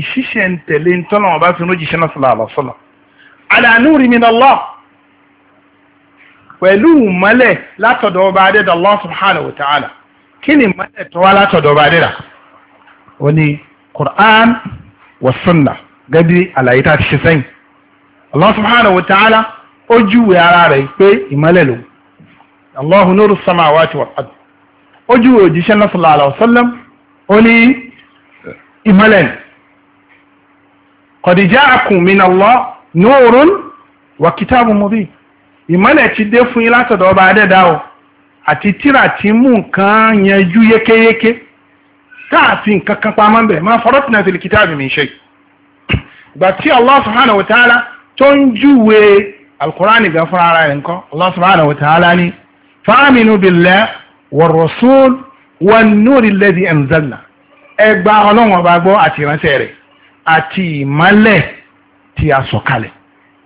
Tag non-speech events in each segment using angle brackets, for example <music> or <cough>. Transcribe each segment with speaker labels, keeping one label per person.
Speaker 1: ìṣiṣẹ́ ń tẹ̀lé ń tọ́nà wọn bá fi lójì ṣẹ́nà sọ̀lá àlọ́sọ̀lá ala nuri min Allah pẹ̀lú mọ́lẹ̀ látọ̀dọ̀ ọba adẹ́dà Allah subhanahu wa ta'ala kí ni mọ́lẹ̀ tó wá látọ̀dọ̀ ọba adẹ́dà ó ní Qur'an wa sunnah gẹ́bí àlàyé tá a ti ṣe sẹ́yìn Allah subhanahu wa ta'ala ó júwe ara rẹ̀ pé ìmọ́lẹ̀ lòun Allahu nuru samawati wal ard ó júwe òjíṣẹ́ náà sallallahu alaihi ó ní ìmọ́lẹ̀ ni qad ja'akum minallahi nurun wa kitabun mubin ìmọ́lẹ̀ ti dé fún yín látọ̀dọ̀ ọba adẹ́dá o àti tíra ti mú nǹkan yanjú yékéyéké táàfin nǹkan kan pamọ́ bẹ̀ máa farratna fil kitabi min shay ìgbà tí Allah subhanahu wa ta'ala tó ń júwe alkùránì gan fúnra ara rẹ̀ nǹkan Allah subhanahu wa ta'ala ni fa'aminu billahi war rasul wan nuril ladhi anzalna ẹgbà ọlọ́run ọba gbọ́ àti ìránṣẹ́ rẹ̀ àti ìmọ́lẹ̀ tí a sọ̀kalẹ̀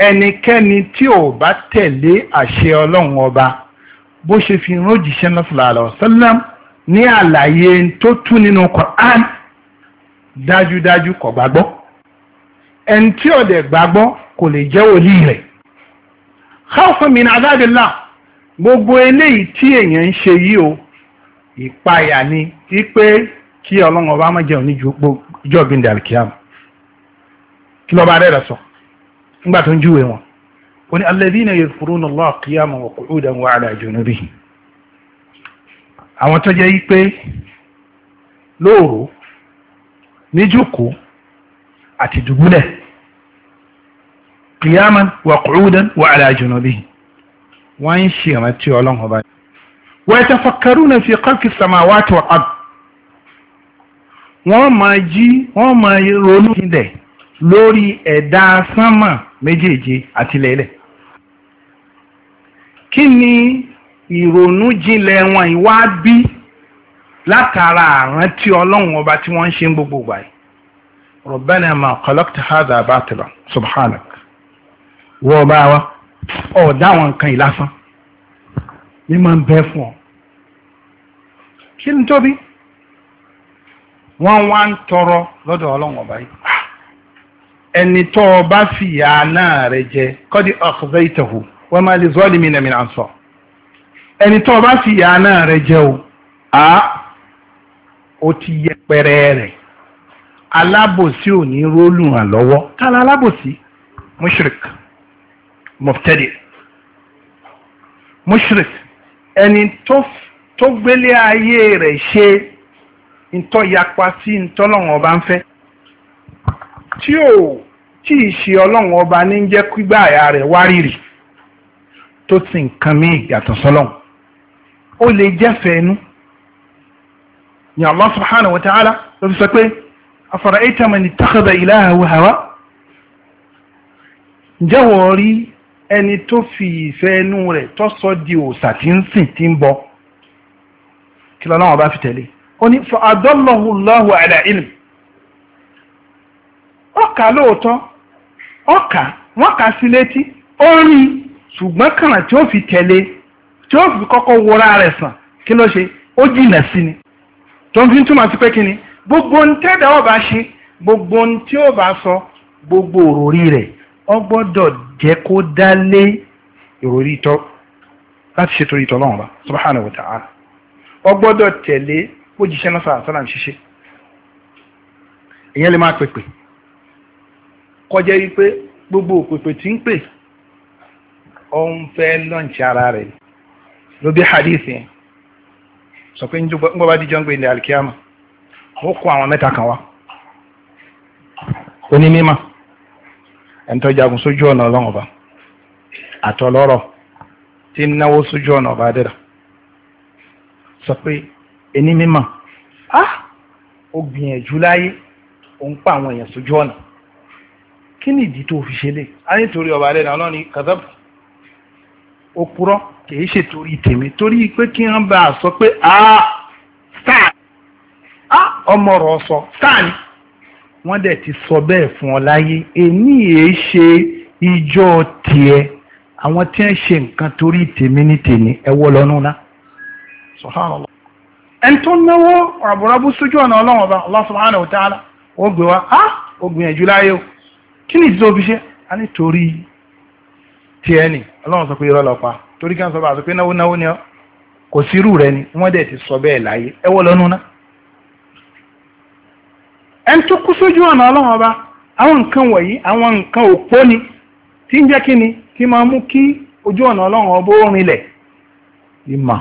Speaker 1: ẹnikẹ́ni tí ò bá tẹ̀lé àṣẹ ọlọ́run ọba bó ṣe fi ránjíṣẹ́ náà sallallahu alaihi wasallam ní àlàyé tó tú nínú Qur'an dájúdájú kò gbàgbọ́ ẹni tí ò dẹ̀ gbàgbọ́ kò lè jẹ́ wòlí rẹ̀ khawfan min adhabillah gbogbo eléyìí tí èèyàn ń ṣe yìí o ìpayà ni wípé kí ọlọ́run ọba má jẹ́ oníjọ́ gbìndàlkíyàmù kí lọ́ba rẹ̀ rẹ̀ sọ nígbà tó ń júwe wọn ó ní alladhina yadhkuruna Allaha qiyaman wa qu'udan wa ala junubihim àwọn tó jẹ́ yí pé lóòrò níjókòó àti dùbúlẹ̀ qiyaman wa qu'udan wa ala junubihim wọ́n ń ṣe ìrántí ọlọ́run ọba wa yatafakkaruna fi khalqi samawati wal ard wọ́n máa jí wọ́n máa ronú ilẹ̀ lórí ẹ̀dá sánmà méjèèje àtìlẹ́lẹ̀ kí ni ìrònú jinlẹ̀ wọn ìwá bí látara àrántí ọlọ́run ọba tí wọ́n ń ṣe ń gbogbo ìgbà yìí Rabbana ma khalaqta hadha batila subhanak wọ́n bá wa ọ̀dá àwọn nǹkan ìlásán ní máa ń bẹ́ fún ọ kí ni tóbi wọ́n wá ń tọrọ lọ́dọ̀ ọlọ́run ọba yìí ẹni tó o bá fìyà náà rẹ jẹ kọ́dí ọ̀kọ̀fẹ́ ìtẹ̀hù wọ́n máa lè zọ́ọ̀lì mi nàmì náà sọ ẹni tó o bá fìyà náà rẹ jẹ o a o ti yẹ pẹrẹ rẹ alábòsí ò ní rólù hàn kálá alábòsí mushrik mọ̀tẹ́dì mushrik ẹni tó gbélé ayé rẹ̀ ṣe ntọ́ yapa sí ntọ́lọ́wọ́n ọba ń fẹ́ tí ò tí ì ṣe ọlọ́run ọba ní jẹ́ gbígbà àyà rẹ̀ wárìrì tó sì nǹkan míì yàtọ̀ sọlọ́run ó lè jẹ́fẹ̀ẹ́ inú ni Allah subhanahu wa ta'ala ló fi sọ pé afara'ayta man ittakhadha ilahahu hawa ǹjẹ́ wọ́n rí ẹni tó fi ìfẹ́ inú rẹ̀ tó sọ di òòṣà tí ń sìn tí ń bọ kí lọ́lọ́run ọba fi tẹ̀lé ó ní fa adallahu Allahu ala ilm ọkà ka ọkà wọ́n kà sí létí ṣùgbọ́n tí ó fi tẹ̀lé tí ó fi kọ́kọ́ wọra rẹ̀ sàn kí ló ṣe ó jìnà sí ni fi túmọ̀ sí pé gbogbo ń ó bá ṣe gbogbo ń ó bá sọ gbogbo òròrí rẹ̀ ó gbọ́dọ̀ jẹ́ kó dá lé ìròrí tọ́ láti ṣètò ìtọ́ lọ́wọ́n bá subhanahu wa ta'ala ó gbọ́dọ̀ tẹ̀lé ó jíṣẹ́ náà kọjá wípé gbogbo òpèpè tí ń pè ó ń fẹ́ lọ́ǹtì ara rẹ̀ ló bí hadith yẹn sọ pé ń gbọ́ bá díjọ́ ń gbé ní alikiyama ó kó àwọn mẹ́ta kan wá onímímà ẹ̀ńtọ́jagun sójú ọ̀nà ọlọ́run ọba àtọlọ́rọ̀ tí ń náwó sójú ọ̀nà ọba adẹ́dà sọ pé ẹni mímà ah! ó gbìyànjú láyé ó ń pa àwọn èèyàn sójú ọ̀nà kí ni ìdí tó fi ṣe lé ayé torí ọba rẹ̀ náà ní kàtàbù ó purọ́ kìí ṣe torí tèmi torí pé kí wọ́n bá a sọ pé a star a ọmọ rọ̀ sọ star ni wọ́n dẹ̀ ti sọ bẹ́ẹ̀ fún ọ láyé èmi yìí ṣe ìjọ tiẹ̀ àwọn tí wọ́n ṣe nǹkan torí tèmi ní tèmi ẹ wọ́ lọ́nù náà subhanallah ẹni tó náwó ràbùràbù sójú ọ̀nà ọlọ́run ọba Allah subhanahu wa ta'ala ó gbé wa á ó gbìyànjú láyé o. kí ni ìdílé òbí ṣe a ní torí ni ọlọ́run sọ pé irọ́ lọ pa torí kí wọ́n sọ bá sọ pé náwó náwó ni ọ kò sí irú rẹ ni wọ́n dẹ̀ ti sọ bẹ́ẹ̀ láyé ẹ lọ́nu ná tó kú sójú ọ̀nà ọlọ́run ọba àwọn nǹkan wọ̀nyí àwọn nǹkan òpó ni tí ń jẹ́ kí ni máa mú kí ojú ọ̀nà ọlọ́run ọba ó rinlẹ̀ ìmọ̀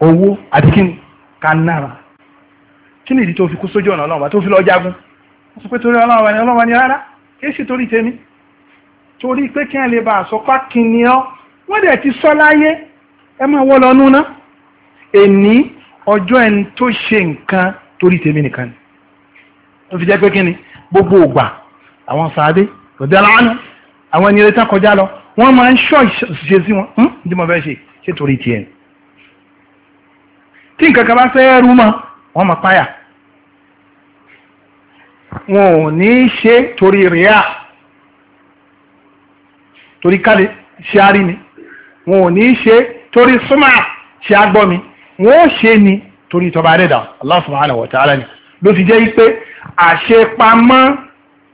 Speaker 1: owó àti kí ni ká nára kí ọba tó fi lọ jagun torí ọlọ́run ọba ni ọlọ́run kìí ṣe torí tèmi torí pé kí n lè bá àsọpá kìíní ọ wọ́n dẹ̀ ti sọ láyé ẹ máa wọ́ lọ núná èní ọjọ́ ẹni tó ṣe nǹkan torí tèmi nìkan ni tó fi jẹ́ pé kí ni gbogbo ògbà àwọn sàádé òde aláàánú àwọn ènìyàn tán kọjá lọ wọ́n máa ń ṣọ́ ìṣe sí wọn ní mo fẹ́ ṣe ṣé torí tiẹ̀ tí nǹkan kan bá fẹ́ rú mọ́ wọ́n máa páyà wọn ò ní í ṣe torí rìíà torí káde ṣe arí mi wọn ò ní í ṣe torí súnmà ṣe agbọ́ mi wọn ò ṣe ni torí ìtọ́ba àdẹ́dà Allah subhanahu wa ta'ala ni ló ti jẹ́ pé àṣepamọ́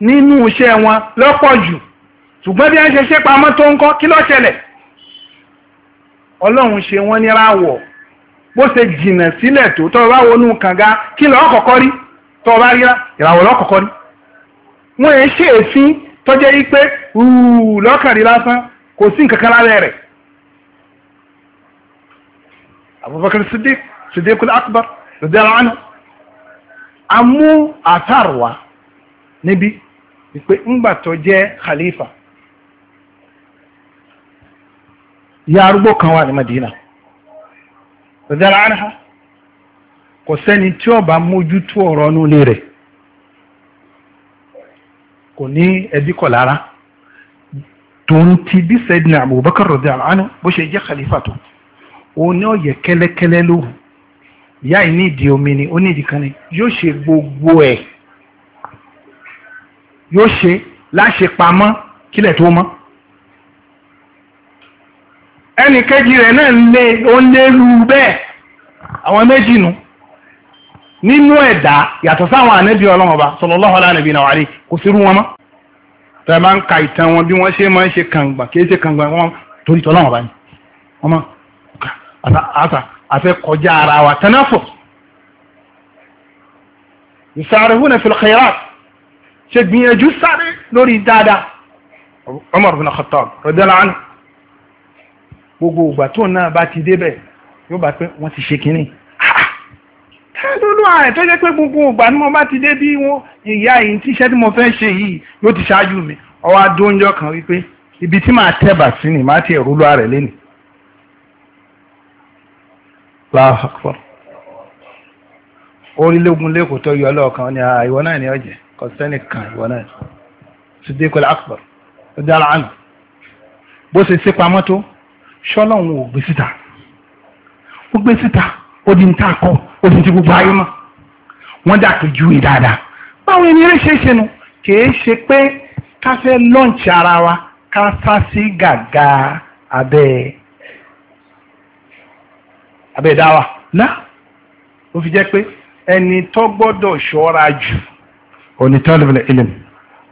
Speaker 1: nínú iṣẹ́ wọn lọ́pọ̀ jù ṣùgbọ́n bí wọ́n ṣe ṣe pamọ́ tó ń kọ́ kí ló ṣẹlẹ̀ ọlọ́run ṣe wọ́n ní ráwọ̀ bó ṣe jìnà sílẹ̀ tó tọ́ bá wọnú kànga kí lọ́ọ́ kọ́kọ́ rí tó o bá rí ìràwọ̀ lọ́kọ̀ọ̀kọ́ ni wọ́n ẹ̀ ṣe èéfín tó jẹ́ wípé rúù lọ́kàrí lásán kò sí nǹkan kan lábẹ́ rẹ̀ Abubakar Siddiq Siddiq al-Akbar radiyallahu anhu amú àtàrwà níbi wípé ńgbà tó jẹ́ khalifa ìyá arúgbó kan wà ní Madina radiyallahu anha kò sẹ́ni tí ó bá mójútó ọ̀rọ̀ nílé rẹ̀ kò ní ẹbí kọ̀ lára tòun ti bí Sayyidina Abubakar radiyallahu anhu bó ṣe jẹ́ khalifa tó òun ní ọ̀yẹ̀ kẹ́lẹ́kẹ́lẹ́ ló ìyá yìí ìdí omi ni ó ní ìdí kan ni yóò ṣe gbogbo ẹ̀ yóò ṣe láṣepamọ́ kílẹ̀ tó mọ́ ẹnì kejì rẹ̀ náà lé ó ń lérú bẹ́ẹ̀ àwọn méjì nù. No nínú ẹ̀dá yàtọ̀ sáwọn ànábì ọlọ́run ọba sallallahu ala nabina wa ali kò sí irú wọn mọ́ tẹ́ bá ń ka ìtàn wọn bí wọ́n ṣe máa ń ṣe kàngbà kì í ṣe kàngbà wọn torí tọ́lọ́run ọba ni wọ́n mọ́ àtà àfẹ́ kọjá ara wa tanafus yusarihuna fil khairat ṣe gbìyànjú sáré lórí dáadáa Umar bin Khattab radiyallahu anhu gbogbo ìgbà tó náà bá ti débẹ̀ yóò bá pé wọ́n ti ṣe kínní lónú ààrẹ tó jẹ́ pé gbogbo ìgbà ni mo bá ti dé bí wọn ìyá yìí tí iṣẹ́ tí mo fẹ́ ṣe yìí yóò ti ṣáájú mi ọwọ́ adóúnjọ kan wípé ibi tí màá tẹ̀bà sí ni màá ti ẹ̀rú lọ rẹ̀ lẹ́nu. orílẹ̀-ogun lẹ́kọ̀ọ́ tó yọ ọlọ́ọ̀kan ni ah, ìwọ náà ni ọ̀jẹ̀ kọ́sẹ́nì kan ìwọ náà ṣùdé kọ́lá akpọ̀ ó dára àná bó ṣe ṣe pamọ́ tó ṣọ́lọ́hún ò gbé síta ó gbé síta. Odi di níta kọ ó di ti gbogbo ayé mọ́ wọ́n dà pé ju ìdáadáa báwo ni eré ṣe é ṣe nu kìí ṣe pé ká fẹ́ lọ́ǹchì ara wa ká sá sí gàgà abẹ́ abẹ́ dáwà náà ó fi jẹ́ pé ẹni tó gbọ́dọ̀ ṣọ́ra jù òní tọ́lẹ̀bẹ̀lẹ̀ ilẹ̀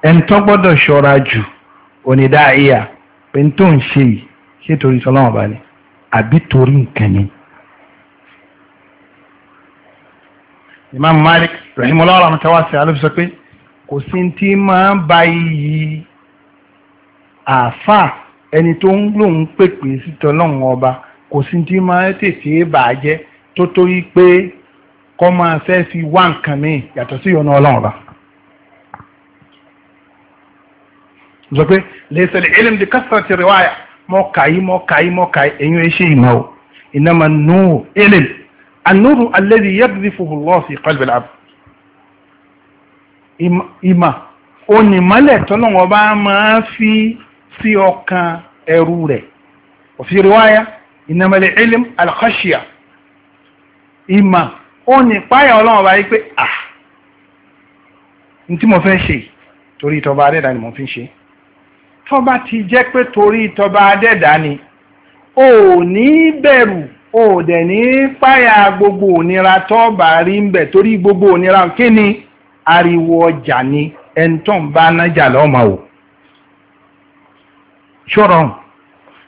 Speaker 1: ẹni tó gbọ́dọ̀ ṣọ́ra jù òní dáa ìyà pé n tó ń ṣe yìí ṣé torí sọlọ́wọ́n bá ní àbí torí nǹkan Imam Malik rahimahullah rahmatawasi alóbi sọ pé kò sí tí máa ń ba iyì àáfà ẹni tó ń lòun pèpè síta lọ́hùn ọba kò sí tí máa tètè bàjẹ́ tó torí pé kọ́ máa fẹ́ fi wá nǹkan mi yàtọ̀ sí ìyọnu ọlọ́run ọba. sọ pé lẹ́sẹ̀lẹ̀ ilm di kásìtì rẹ̀ wáyà mọ́ kàyí mọ́ kàyí mọ́ kàyí ẹ̀yin ẹ̀ ṣe ìmọ̀ o ìnáma nù ilm. النور الذي يقذفه الله في قلب العبد ìmọ̀ onímọ̀lẹ̀ tọ́lọ́wọ́ bá máa fi sí ọkàn ẹrú rẹ̀ òfin riwaya ìnàmọ̀lẹ̀ ilm alkhashia ìmọ̀ onípáyà ọlọ́wọ́ bá yí pé à ní tí mo fẹ́ ṣe torí ìtọba adẹ́dà ni mo fi ṣe tọ́ba ti jẹ́ pé torí ìtọba adẹ́dà ni ò ní bẹ̀rù o dẹ̀ ní páyà gbogbo ònira tó bá rí ń bẹ̀ torí gbogbo ònira kí ni ariwo ọjà ni ẹni tó ń bá nájà lọ́mọ o ṣọ́rọ̀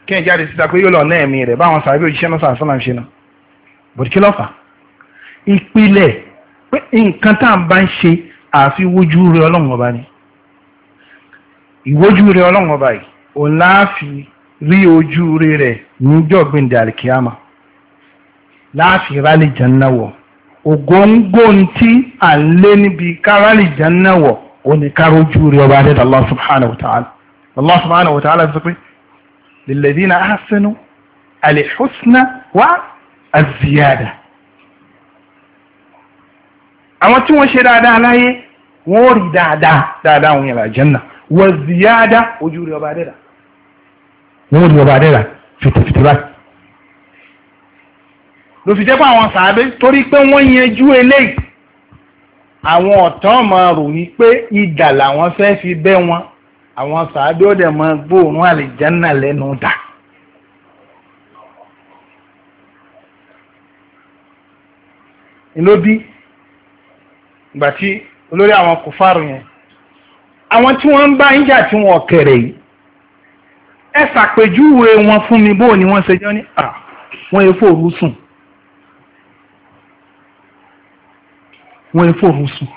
Speaker 1: kí ẹ jáde síta pé yóò lọ náà ẹ̀mí rẹ̀ báwọn sàbẹ̀ òjíṣẹ́ náà sàṣọ́ náà ṣe na bòtí lọ́fà ìpìlẹ̀ pé nǹkan tá à ń bá ń ṣe àfi wojú rẹ ọlọ́run ọba ni ìwojú rẹ ọlọ́run ọba rẹ níjọ́ gbẹ̀ndẹ̀ àlìkíyàmá láàfin rálì jẹ́nà wọ̀ ògóńgó tí à ń lé níbi kárálì jẹ́nà wọ̀ oníkárójú rí ọba adé Allah subhanahu wa ta'ala Allah subhanahu wa ta'ala sọ pé lilladhina ahsanu al-husna wa az-ziyada àwọn tí wọ́n ṣe dáadáa láyé wọ́n rí dáadáa dáadáa wọn yàrá jẹ́nà wa ziyada ojú rí ọba adé rà wọ́n rí ọba adé rà fìtìfìtì báyìí ló fi jẹ́ pé àwọn sàábé torí pé wọ́n yanjú eléyìí àwọn ọ̀tán máa rò wípé idà làwọn fẹ́ fi bẹ́ wọn àwọn sàábé ó dẹ̀ máa gbóòórùn àlìjánà lẹ́nu dà. ìlóbi ìgbà tí olórí àwọn kò fárò yẹn àwọn tí wọ́n ń bá ń tí wọ́n kẹ̀rẹ̀ yìí ẹ ṣàpèjúwe wọn fún mi bóò ni wọ́n ṣe jọ ní à wọ́n efó òru sùn wọ́n fòrùn sùn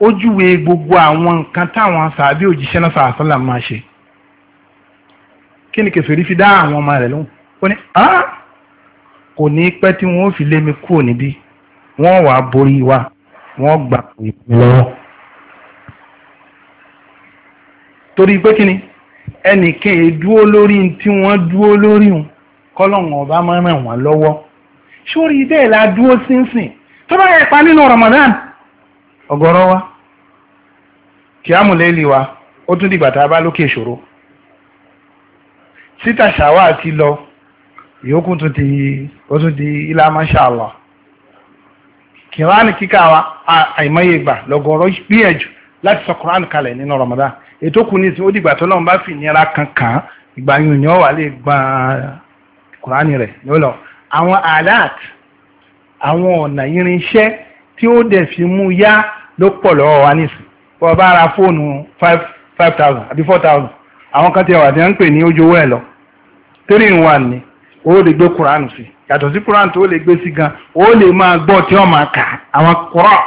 Speaker 1: ó gbogbo àwọn nǹkan táwọn sàbí òjíṣẹ́ náà sàásánlá máa ṣe kí ni kẹfìrí fi dá àwọn ọmọ rẹ̀ lóhùn ó ní kò ní pẹ́ tí wọ́n fi lé mi kúrò níbí wọ́n wa wọ́n gbà pé lọ́wọ́. torí pé kí ni ẹnìkan èdúró lórí tí wọ́n dúró lórí ọba máa ràn wọ́n sórí bẹ́ẹ̀ la dúró sínsìn tó bá yẹ pa nínú Ramadan ọ̀gọ̀rọ̀ wa kìámù lẹ́lì wa ó tún dìgbà tá a bá lókè ìṣòro títà ṣàwà ti lọ ìyókù tún ti ó tún di ilá mashallah kìláàni kíkà wa àìmọye ìgbà lọ́gọ̀rọ̀ gbìyànjú láti sọ Quran kalẹ̀ nínú Ramadan ètò kù ní ìsìn ó dìgbà tó lọ́n bá fi ìnira kankan ìgbà yìnyín ọ̀wà lè gba Quran rẹ̀ lọ́lọ́ àwọn alat àwọn ọ̀nà irinṣẹ́ tí ó dẹ̀ fi mú yá ló pọ̀ lọ́wọ́ wa nísìn bọ́ bá ra fóònù five five thousand àbí four thousand àwọn kan ti wà tí wọ́n ń pè ní ojú owó ẹ̀ lọ three in one ni ó lè gbé Quran sí yàtọ̀ sí Quran tó lè gbé sí gan ó lè máa gbọ́ tí wọ́n máa kà àwọn kúrọ̀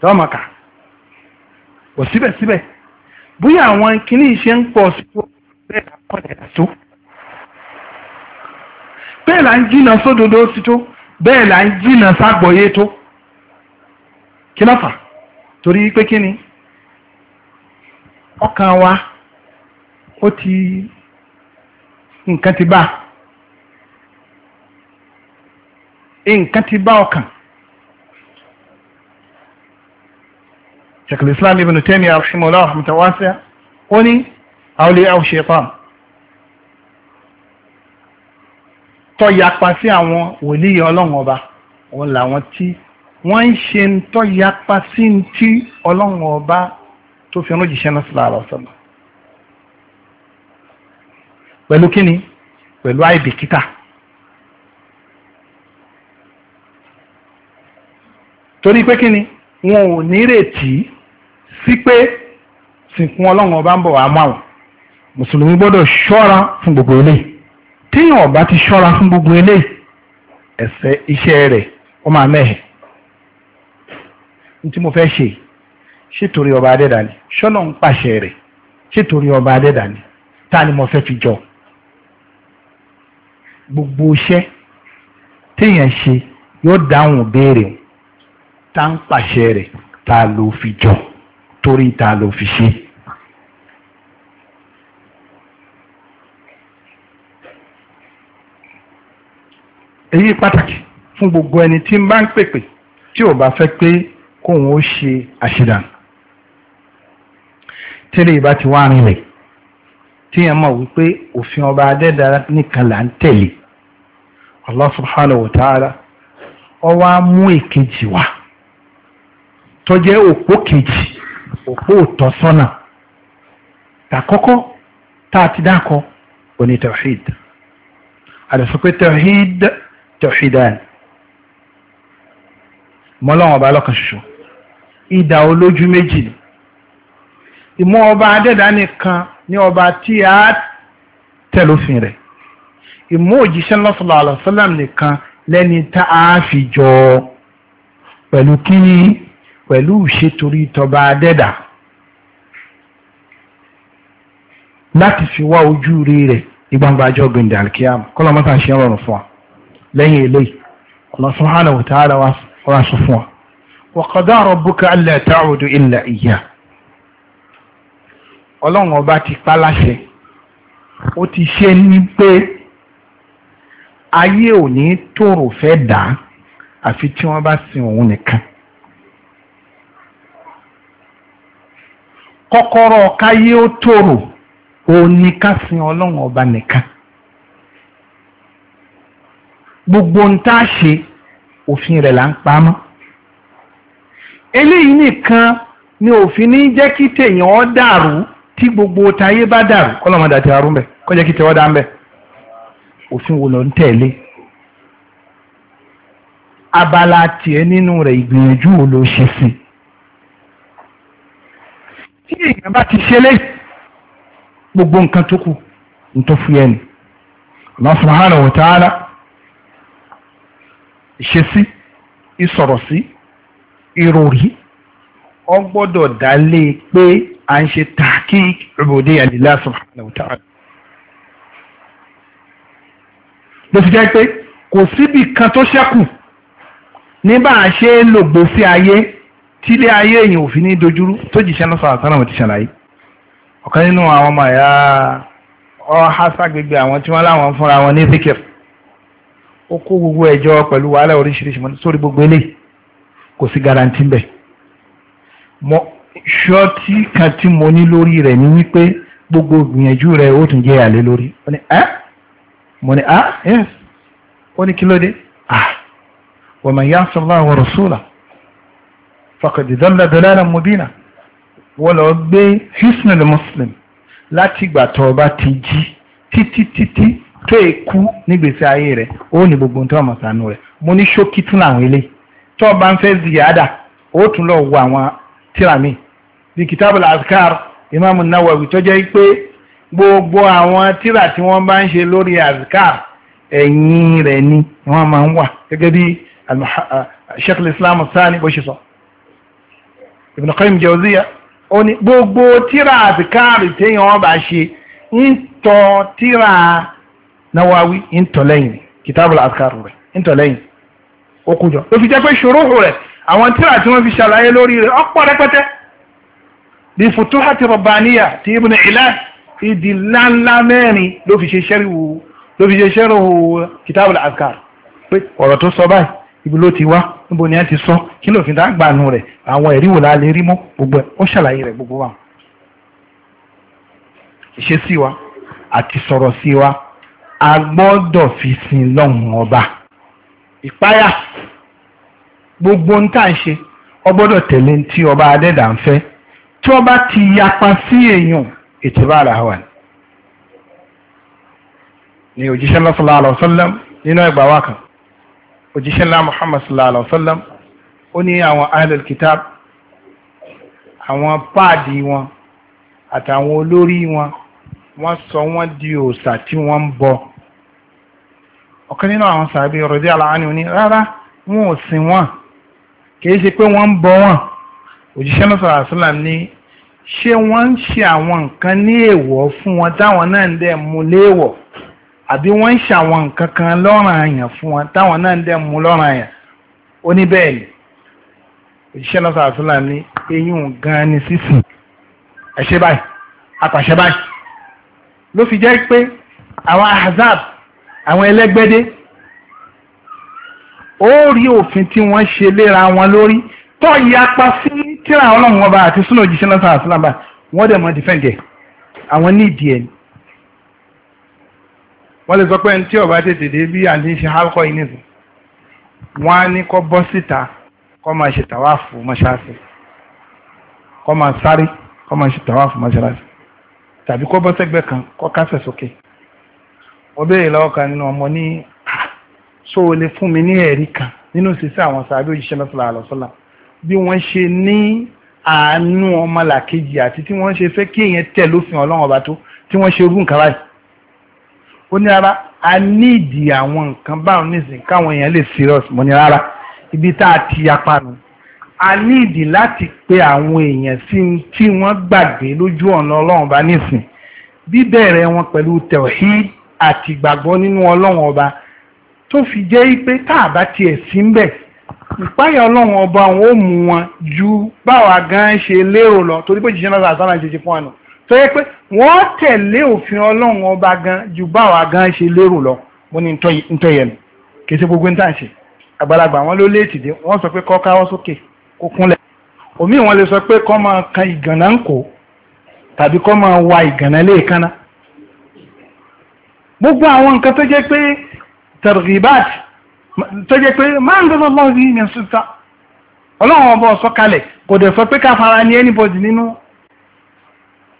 Speaker 1: tí wọ́n máa kà wọ́n síbẹ̀síbẹ̀ bóyá àwọn kìnnìún ṣe ń pọ̀ sí i bẹ́ẹ̀ akọ́nẹ̀dà tó. bẹ́ẹ̀ là ń so sódodo sí tó bẹ́ẹ̀ là ń jìnnà ságbọ̀yé tó kí ló torí pé kí ni ọkàn wa ó ti nǹkan ti bá nǹkan ti bá ọkàn. ibn Taymiyyah rahimahullah rahmatan wasi'a tó yapa sí àwọn wòlíì ọlọ́run ọba òun làwọn tí wọ́n ń ṣe ń tó yapa sí ń tí ọlọ́run ọba tó fi ọ̀nà òjìṣẹ́ náà sílára ọ̀sán pẹ̀lú kíni pẹ̀lú àìbìkítà torí pé kíni wọn ò nírètí sí pé sìnkún ọlọ́run ọba ń bọ̀ wá mọ́ àwọn mùsùlùmí gbọ́dọ̀ ṣọ́ra fún gbogbo eléyìí téèyàn ọba ti ṣọ́ra fún gbogbo eléyìí ẹ̀sẹ̀ iṣẹ́ rẹ̀ ó máa mẹ́hẹ̀ ní tí mo fẹ́ ṣe ṣètòrí ọba adẹ́dà ni ṣọ́nà ń pàṣẹ rẹ̀ ṣètòrí ọba adẹ́dà ni ni mo fẹ́ fi jọ gbogbo iṣẹ́ téèyàn ṣe yóò dáhùn béèrè ta ń pàṣẹ rẹ̀ ta ló fi jọ torí ta ló fi ṣe. èyí pàtàkì fún gbogbo ẹni tí ń bá ń pèpè tí ò bá fẹ́ pé kóun ó ṣe àṣìdànù tẹ́lẹ̀ ìbá ti wá rinlẹ̀ tí yẹn mọ̀ wípé òfin ọba adẹ́dára nìkan là ń tẹ̀lé Allah subhanahu wa ta'ala ó wá mú èkejì wá tó jẹ́ òpó kejì òpó ìtọ́sọ́nà tàkọ́kọ́ tá a ti dákọ̀ oní tawhid àdàsọ pé tawhid tawhidan mọ́lọ́wọ́n ọba lọ́kan ṣoṣo ìdà olójú méjì ni ìmú ọba adẹ́dá nìkan ní ọba tí a tẹ̀lófin rẹ̀ ìmú òjíṣẹ́ lọ́sọ̀lọ́ àlọ́sọ́làm nìkan lẹ́ni tá a fi jọ pẹ̀lú kíní pẹ̀lú ìṣètòrí tọba adẹ́dá láti fi wá ojú rí rẹ̀ ìgbàǹgbàjọ́ gbìndàlkíyàm kọ́lọ́mọ́ta ṣe ń rọrùn fún wa lẹ́yìn eléyìí Allah subhanahu wa ta'ala wá sọ fún wa wa qada rabbuka alla ta'budu illa iyyah ọlọ́run ọba ti pa láṣẹ ó ti ṣe ní pé ayé ò ní tòrò fẹ́ dà àfi tí wọ́n bá sin òun nìkan. kọ́kọ́rọ́ káyé ó tòrò òun ni ká sin ọlọ́run ọba nìkan. gbogbo ń tá a ṣe òfin rẹ̀ là ń pa mọ́ eléyìí nìkan ni òfin ní jẹ́ kí tèèyàn ó dàrú tí gbogbo tayé bá dàrú kọ́lọ́mọdà kọlọ arú mbẹ́ kọ́jẹ́ kí tẹ́wọ́ dá mbẹ́ òfin wo ló ń tẹ̀lé abala tiẹ̀ nínú rẹ̀ ìgbìyànjú wo ló ṣe sí tí èèyàn bá ti ṣe lé gbogbo nǹkan tó kù ń tó fúyẹ́ ni Allah ìṣesí ìsọ̀rọ̀ sí ìròrí ọ gbọ́dọ̀ dálé e pé à ń ṣe tàkí ìròdé àdìlá subhanahu wa ta'ala. ló fi jẹ́ pé kò síbi kan tó ṣẹ́kù ní bá a ṣe ń lògbó sí ayé tílé ayé èèyàn ò fi ní dojúrú tó jìṣẹ́ náà sọ̀rọ̀ sọ́nà ti ṣàlàyé ọ̀kan nínú àwọn ọmọ ẹ̀yà ọ̀hásá àwọn tí wọ́n láwọn fúnra wọn ní zikir ó kó gbogbo ẹ̀jọ́ pẹ̀lú wàhálà oríṣiríṣi mọ́ sórí gbogbo ilé kò sí garanti bẹ̀ mọ́ ṣọ́ọ̀tì kan tí mo ní lórí rẹ̀ ni wípé gbogbo gbìyànjú rẹ̀ ó tún jẹ́ àlè lórí ó ní ẹ́ mo ní ah yes ó ní kí ló dé ah wa man ya'si Allaha wa rasulahu faqad dalla dalalan mubina wọ́n lọ gbé hisnul muslim láti ìgbà tó ti jí títí títí tó e kú nígbèsè ayé rẹ̀ ó ní gbogbo ohun tí wọ́n mọ̀ sànú rẹ̀ mo ní ṣókí tún làwọn eléyìí tó o bá ń fẹ́ ziyada ó tún lọ wo àwọn tíra mi bí kitabul azkar imaamu nawawi tó jẹ́ pé gbogbo àwọn tíra tí wọ́n bá ń ṣe lórí azkar ẹ̀yìn rẹ̀ ni wọ́n máa ń wà gẹ́gẹ́ bí sheikh islam sani bó ṣe sọ ibn qayyim jawziya ó ní gbogbo tíra azkar téèyàn bá ṣe ń tọ tíra náwáwí ntọ́lẹ́yìn kìtàbù àkàrù rẹ̀ ntọ́lẹ́yìn ó kójọ ló fi jẹ́ pé ṣòro rẹ̀ àwọn tíra tí wọ́n fi ṣàlàyé lórí rẹ̀ ọ̀pọ̀ rẹpẹtẹ bí futuhati rabbaniya ti ibn ilah ìdí ńláńlá mẹ́rin ló fi ṣe ṣẹ́rìwò ló fi ṣe ṣẹ́rìwò kìtàbù àkàrù pé ọ̀rọ̀ tó sọ báyìí ibi ló ti wá níbo ni a ti sọ kí ló fi dágbàánu rẹ̀ àwọn ẹ̀rí wò la lè rí mọ́ gbogbo ẹ̀ ó ṣàlàyé rẹ̀ gbogbo wa ìṣesí wa àti sọ̀rọ̀ sí wa a gbọ́dọ̀ fi sin lọ́hùn ọba ìpáyà gbogbo ń tà ń ṣe ọ gbọ́dọ̀ tẹ̀lé tí ọba adẹ́dà ń fẹ́ tí ọba ti yapa sí èèyàn ètò bára wà ní òjíṣẹ́ ńlá sallallahu alaihi wasallam nínú ẹgbàá wa kan òjíṣẹ́ ńlá Muhammad sallallahu alaihi wasallam ó ní àwọn ahlul kitab àwọn páàdì wọn àtàwọn olórí wọn wọ́n sọ wọ́n di òòṣà tí wọ́n ń bọ ọ̀kan nínú àwọn sàbí ọ̀rọ̀dí aláàánú ní rárá wọn ò sìn wọn kìí ṣe pé wọ́n ń bọ wọn òjíṣẹ́ náà sọ̀rọ̀ àṣìlá ní ṣé wọ́n ń ṣe àwọn nǹkan ní èèwọ̀ fún wọn táwọn náà ń dẹ̀ mú léèwọ̀ àbí wọ́n ń ṣe àwọn nǹkan kan lọ́ràn àyàn fún wọn táwọn náà ń dẹ̀ mú lọ́ràn àyàn ó ní bẹ́ẹ̀ ni òjíṣẹ́ náà sọ̀rọ̀ àṣìlá ní eyín gan ni sísìn ẹ báyìí apàṣẹ báyìí ló fi jẹ́ pé àwọn ahzab àwọn ẹlẹ́gbẹ́dé ó rí òfin tí wọ́n ṣe léra wọn lórí tó yapa sí tíra ọlọ́run wọn bá àti súnà òjíṣẹ́ náà sáà sílámbà wọ́n dẹ̀ mọ́ dìfẹ́ǹdẹ̀ àwọn nídìí ẹ̀ wọ́n lè sọ pé tí ọba tètè dé bí àti ń ṣe alcohol nìyí wọ́n á ní kó bọ́ síta kó máa ṣe tàwáàfù mọ́ṣáláṣí kó máa sáré kó máa ṣe tàwáàfù mọ́ṣáláṣí tàbí kó bọ́ sẹ́gbẹ́ kan kó kásẹ̀ sókè. Okay wọ́n béèrè lọ́wọ́ kan nínú ọmọ ní ah, ṣó o lè fún mi ní ẹ̀rí kan nínú sísẹ àwọn sàbí òjíṣẹ́ lọ́sọ̀lá àlọ́sọ́lá bí wọ́n ṣe ní àánú ọmọlàkejì àti tí wọ́n ṣe fẹ́ kí èèyàn tẹ̀ lófin ọlọ́run ọba tó tí wọ́n ṣe ogún kàwáì ó ní rárá a nídìí àwọn nǹkan báwọn nísìn káwọn èèyàn lè serious mo ní rárá ibi tá a ti yapa nù a nídìí láti pe àwọn èèyàn sí tí wọ́n gbàgbé lójú ọ̀nà ọlọ́run ọba nísìn bíbẹ̀rẹ̀ wọn pẹ̀lú tẹ̀wọ̀hí àti ìgbàgbọ́ nínú ọlọ́run ọba tó fi jẹ́ pé tá a bá tiẹ̀ sí ń bẹ̀ ìpáyà ọlọ́run ọba wọn ò mú wọn ju báwa gan ṣe lérò lọ torí pé jíjẹ́ náà sàtàlà ṣe ṣe fún àná tó yẹ pé wọ́n tẹ̀lé òfin ọlọ́run ọba gan ju báwa gan ṣe lérò lọ mo ní ntọ́yẹ̀ nù kì í ṣe gbogbo ṣe àgbàlagbà wọn ló léètì dé wọ́n sọ pé kọ́ káwọ́ sókè kó kúnlẹ̀ òmíì wọn lè sọ pé kọ́ máa kan ìgànnà ń kó tàbí kọ́ máa wa ìgànnà léèkánná gbogbo àwọn nǹkan tó jẹ́ pé targhibat tó jẹ́ pé máa ń dọ́dọ̀ lọ́wọ́ sí ìyẹn síta ọlọ́run ọba ọ̀sọ́ kalẹ̀ kò dẹ̀ sọ pé ká fara ní anybody nínú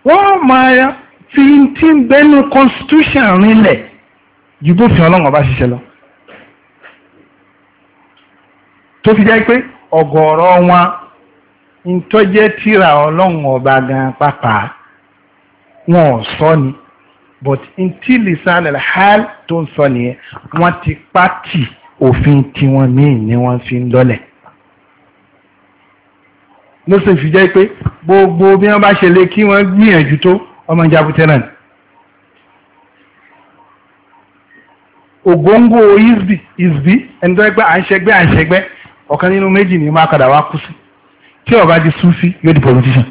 Speaker 1: wọ́n máa fi ti ń bẹnu constitution rinlẹ̀ ju bófin ọlọ́run ọba ṣiṣẹ́ lọ tó fi jẹ́ pé ọ̀gọ̀ọ̀rọ̀ wọn ń tọ́jẹ́ tíra ọlọ́run ọba gan pàápàá wọn ò sọ ni but ntí lisan alhal tó ń sọ nìyẹn wọ́n ti pàtì òfin tiwọn míì ni wọ́n fi ń lọ́lẹ̀ ló sì fi jẹ́ pé gbogbo bí wọ́n bá ṣe lè kí wọ́n gbìyànjú tó ọmọ jabute náà ògóńgó ìzbí ìzbí ẹni tó ẹgbẹ́ àṣẹgbẹ́ àṣẹgbẹ́ ọ̀kan nínú méjì ni máa padà wá kú sí tí ó bá di súfí yóò di politician.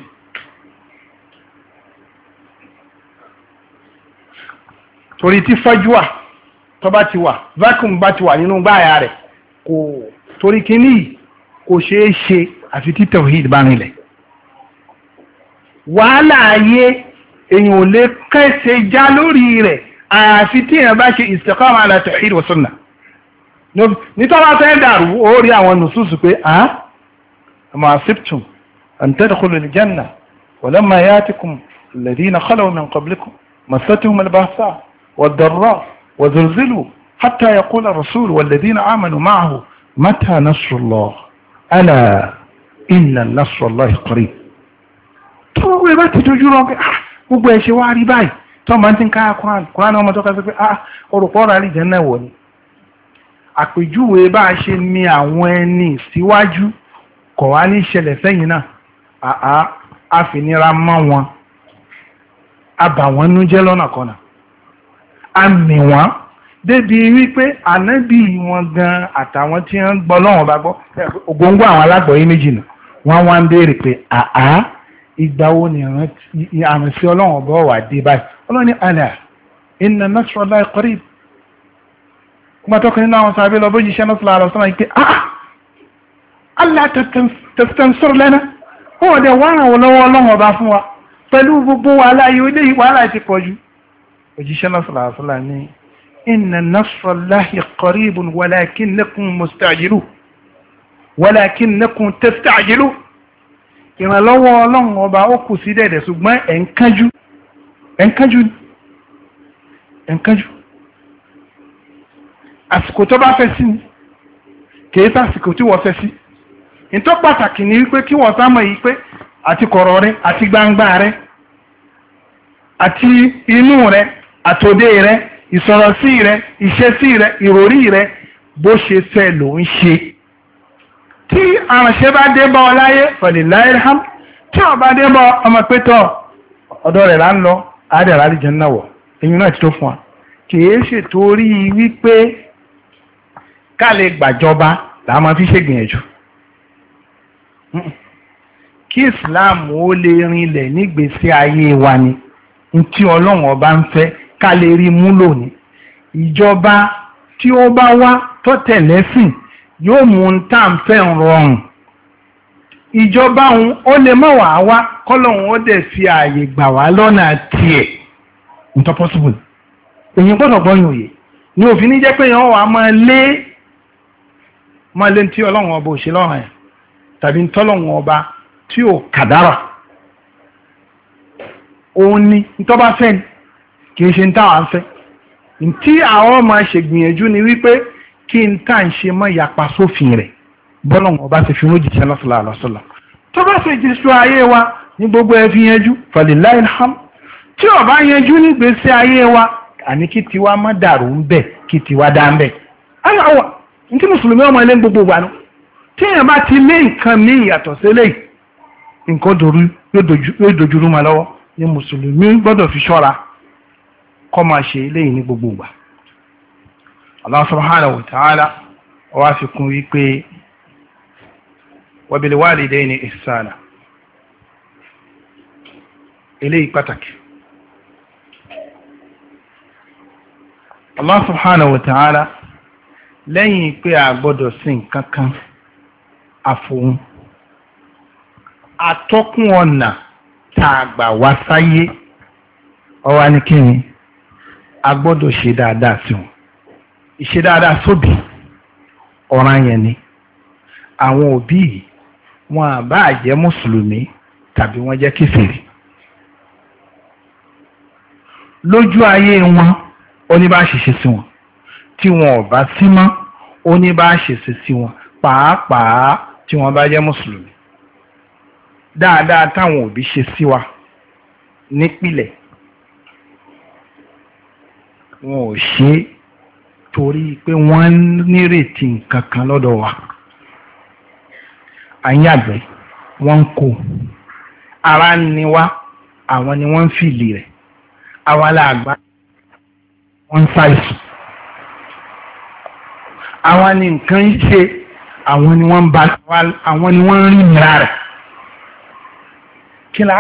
Speaker 1: torí tí fọ́júà tó bá ti wà vacuum bá ti wà nínú gbáàyà rẹ̀ kò torí kíní yìí kò ṣeé ṣe àfi tí tawhid bá rinlẹ̀ wàhálà ayé èyàn ò lè kẹsẹ̀ já lórí rẹ̀ àfi tí èyàn bá ṣe istiqama ala tawhid wa sunna nítorí wọ́n fẹ́ dàrú ó rí àwọn nùsùsù pé a ma siptum an tadkhulu al-janna walamma yatikum alladhina khalaw min qablikum massatuhum al-ba'sa والضراء وزلزلوا حتى يقول الرسول والذين آمنوا معه متى نصر الله ألا إن النصر الله قريب tó wẹ́ bá ti dojú rọ pé ah gbogbo ẹ̀ ṣe wá rí báyìí tó máa ti ń ká kúrán kúrán ọmọ tó ká sí pé ah orùpọ̀ ọ̀rọ̀ àríjẹ náà wọ̀ ni àpèjúwe bá a ṣe ni àwọn ẹni síwájú kọ̀ wá ní ìṣẹ̀lẹ̀ sẹ́yìn náà àá àfinira mọ́ wọn abàwọn nújẹ́ lọ́nà kọ́nà a mì wọ́n débi wípé ànábì wọn gan àtàwọn tí wọ́n gbọ́ lọ́wọ́n bá gbọ́ ògóńgó àwọn alágbọ̀ọ́yé méjì nù wọ́n wá ń béèrè pé àá ìgbà wo ni àrùnsí ọlọ́wọ́n bọ́ wà dé báyìí ọlọ́ni àlà inna nasrallahi qarib kuma tọkùnrin náà wọn sábẹ́ lọ bó jíṣẹ́ náà sọ̀rọ̀ àlọ́sọ́nà yìí pé àá Allah tastansur lana wọ́n dẹ̀ wá àwọn lọ́wọ́ ọlọ́wọ́n bá fún wa pẹ̀lú gbogbo wàhálà yìí ó lé wàhálà ti pọ̀ òjíṣẹ́ náà sọ̀rọ̀ àṣọlá ní inna nasrallahi qaribun walakinnakum mustajilu walakinnakum tastajilu ìrànlọ́wọ́ ọlọ́run ọba ó kù sí dẹ̀dẹ̀ ṣùgbọ́n ẹ̀ ń kánjú ẹ̀ ń kánjú ẹ̀ ń kánjú àsìkò tó bá fẹ́ sí ni kìí sàsìkò tí wọ́n fẹ́ sí ìtọ́ pàtàkì ni wípé kí wọ́n sámọ̀ yìí pé àti kọ̀rọ̀ rẹ àti gbangba rẹ àti inú rẹ àtòdé rẹ ìsọ̀rọ̀ sí rẹ ìṣesí rẹ ìròrí rẹ bó ṣe fẹ́ ló ń ṣe tí àrànṣẹ́ bá dé bá ọ láyé pẹ̀lú láìrám tí ọba dé bá ọmọ pétọ́ ọ̀dọ́ rẹ̀ là ń lọ àádẹ́rẹ́ àlìjẹ́ náà wọ̀ èyí náà ti tó fún wa kìí ṣètòrí wípé ká lè gbàjọba là máa fi ṣègbìyànjú kí Islam ó lè rinlẹ̀ nígbèésí ayé wa ni tí ọlọ́run ọba ń fẹ́ ká lè rí mú lónìí ìjọba tí ó bá wá tó tẹ̀lẹ́sìn yóò mú un tá à ń fẹ́ rọrùn ìjọba òun ó lè mọ̀ wá wá kọ́lọ́hún ó dẹ̀ fi ààyè gbà wá lọ́nà tiẹ̀ nǹkan possible èyí gbọ́dọ̀ gbọ́yìn òye ni òfin ní jẹ́ pé yẹn wà máa lé máa lé tí ọlọ́run ọba ò ṣe ẹ̀ tàbí tọ́lọ́run ọba tí ò kàdárà òun ni ntọ́ba fẹ́ ni kì í ṣe ń táwa ń fẹ́ tí àwọn máa ṣègbìyànjú ni wípé kí n tá à ń ṣe mọ́ ìyapa sófin rẹ̀ bọ́lá wọn bá ti fi ń rojì sẹ́lá sọ́lá àlọ́sọ́lá tó bá ṣe jésù ayé wa ní gbogbo ẹ fi yanjú falilá ilham tí ó bá yanjú nígbèsè ayé wa àní kí tiwa má dàrú ń bẹ̀ kí tiwa dá ń bẹ̀ aláwọ̀ ní tí mùsùlùmí ọmọ ilé ń gbogbo wa nù tí bá ti lé nǹkan ní ìyàtọ̀ sílẹ̀ nǹkan yóò dojúrú ma lọ́wọ́ ni mùsùlùmí gbọ́dọ̀ fi ṣọ́ra kọ́ máa ṣe eléyìí ní gbogbo ìgbà Allah subhanahu wa ta'ala wá fi kún wípé wa na walidayni ihsana eléyìí pàtàkì Allah subhanahu wa ta'ala lẹ́yìn pé agbọdọ gbọ́dọ̀ sí nǹkan kan àfohun atọ́kùn ọ̀nà tá a gbà wá sáyé ọwá a gbọ́dọ̀ ṣe dáadáa sí wọn ìṣe dáadáa sóbì ọ̀ràn yẹn ni àwọn òbí yìí wọn àbá jẹ́ mùsùlùmí tàbí wọ́n jẹ́ kèfèrí lójú ayé wọn oníbàṣìṣe sí wọn tí wọn ò bá sí mọ́ oníbàṣìṣe sí wọn pàápàá tí wọ́n bá jẹ́ mùsùlùmí dáadáa táwọn òbí ṣe sí wa nípìlẹ̀ wọn ò ṣe é torí pé wọ́n nírètí nǹkan kan lọ́dọ̀ wa àyàgbẹ́ wọ́n ń kó ara ni wá àwọn ni wọ́n ń fìlì rẹ̀ àwa la àgbà wọ́n ń ṣàìsàn àwa ni nǹkan ń ṣe àwọn ni wọ́n ń ba àwọn ni wọ́n ń rìn nira rẹ̀ kí la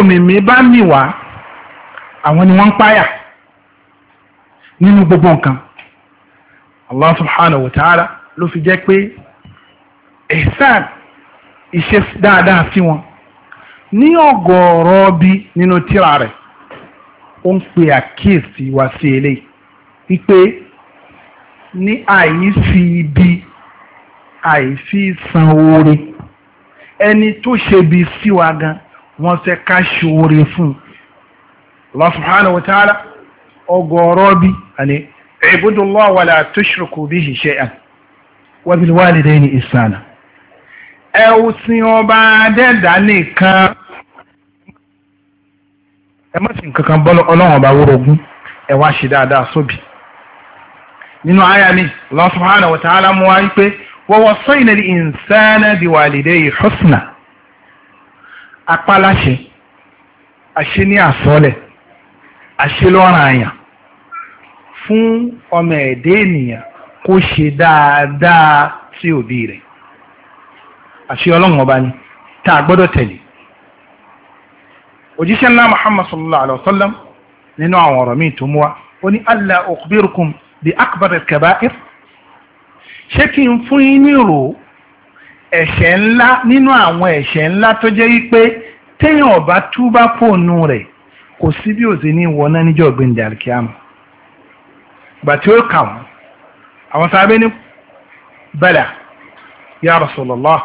Speaker 1: òmìmí bá mì wá àwọn ni wọ́n ń páyà nínú gbogbo nǹkan allah subhanahu wa ta'ala ló fi jẹ́ pé ihsan iṣẹ́ dáadáa sí wọn ní ọ̀gọ̀ọ̀rọ̀ bí nínú tírà rẹ̀ ó ń pe àkíyèsí wa sí eléyìí wípé ní àìsí ibi àìsí san oore ẹni tó ṣe bí sí wa gan-an wọ́n fẹ́ ká ṣoore fún Allah subhanahu wa ta'ala ọgọ́rọ́ bí àní ibudullah wa la tushriku bihi shay'an wa bil walidayni ihsana ẹ ò sin ọba adẹ́dá nìkan ẹ má sì ń kankan bọ́ ọlọ́run ọba wúrogún ẹ wá ṣe dáadáa sóbì nínú àyà mi Allah subhanahu mú wa wípé wa wassayna al insana apáláṣẹ àṣẹ ní àsọlẹ̀ àṣẹ lọ́ràn àyàn fún ọmọ ẹ̀dẹ́ ènìyàn kó ṣe dáadáa sí òbí rẹ̀ àṣẹ ọlọ́run ọba ni tá a gbọ́dọ̀ tẹ̀lé òjíṣẹ́ ńlá muhammad sallallahu alayhi wa sallam nínú àwọn ọ̀rọ̀ míì tó mú wa ó ní allah ukhbirukum bi akbar kabair ṣé kí n fún yín ní ròó ẹ̀ṣẹ̀ ńlá nínú àwọn ẹ̀ṣẹ̀ ńlá tó jẹ́ wípé téèyàn ọba túbá fóònù rẹ̀ kò sí bí òsì ní wọná níjọ́ gbẹ̀ǹdẹ̀ àríkíámù gbà tí ó kà wọ́n àwọn sábẹ́ bala ya Rasulullah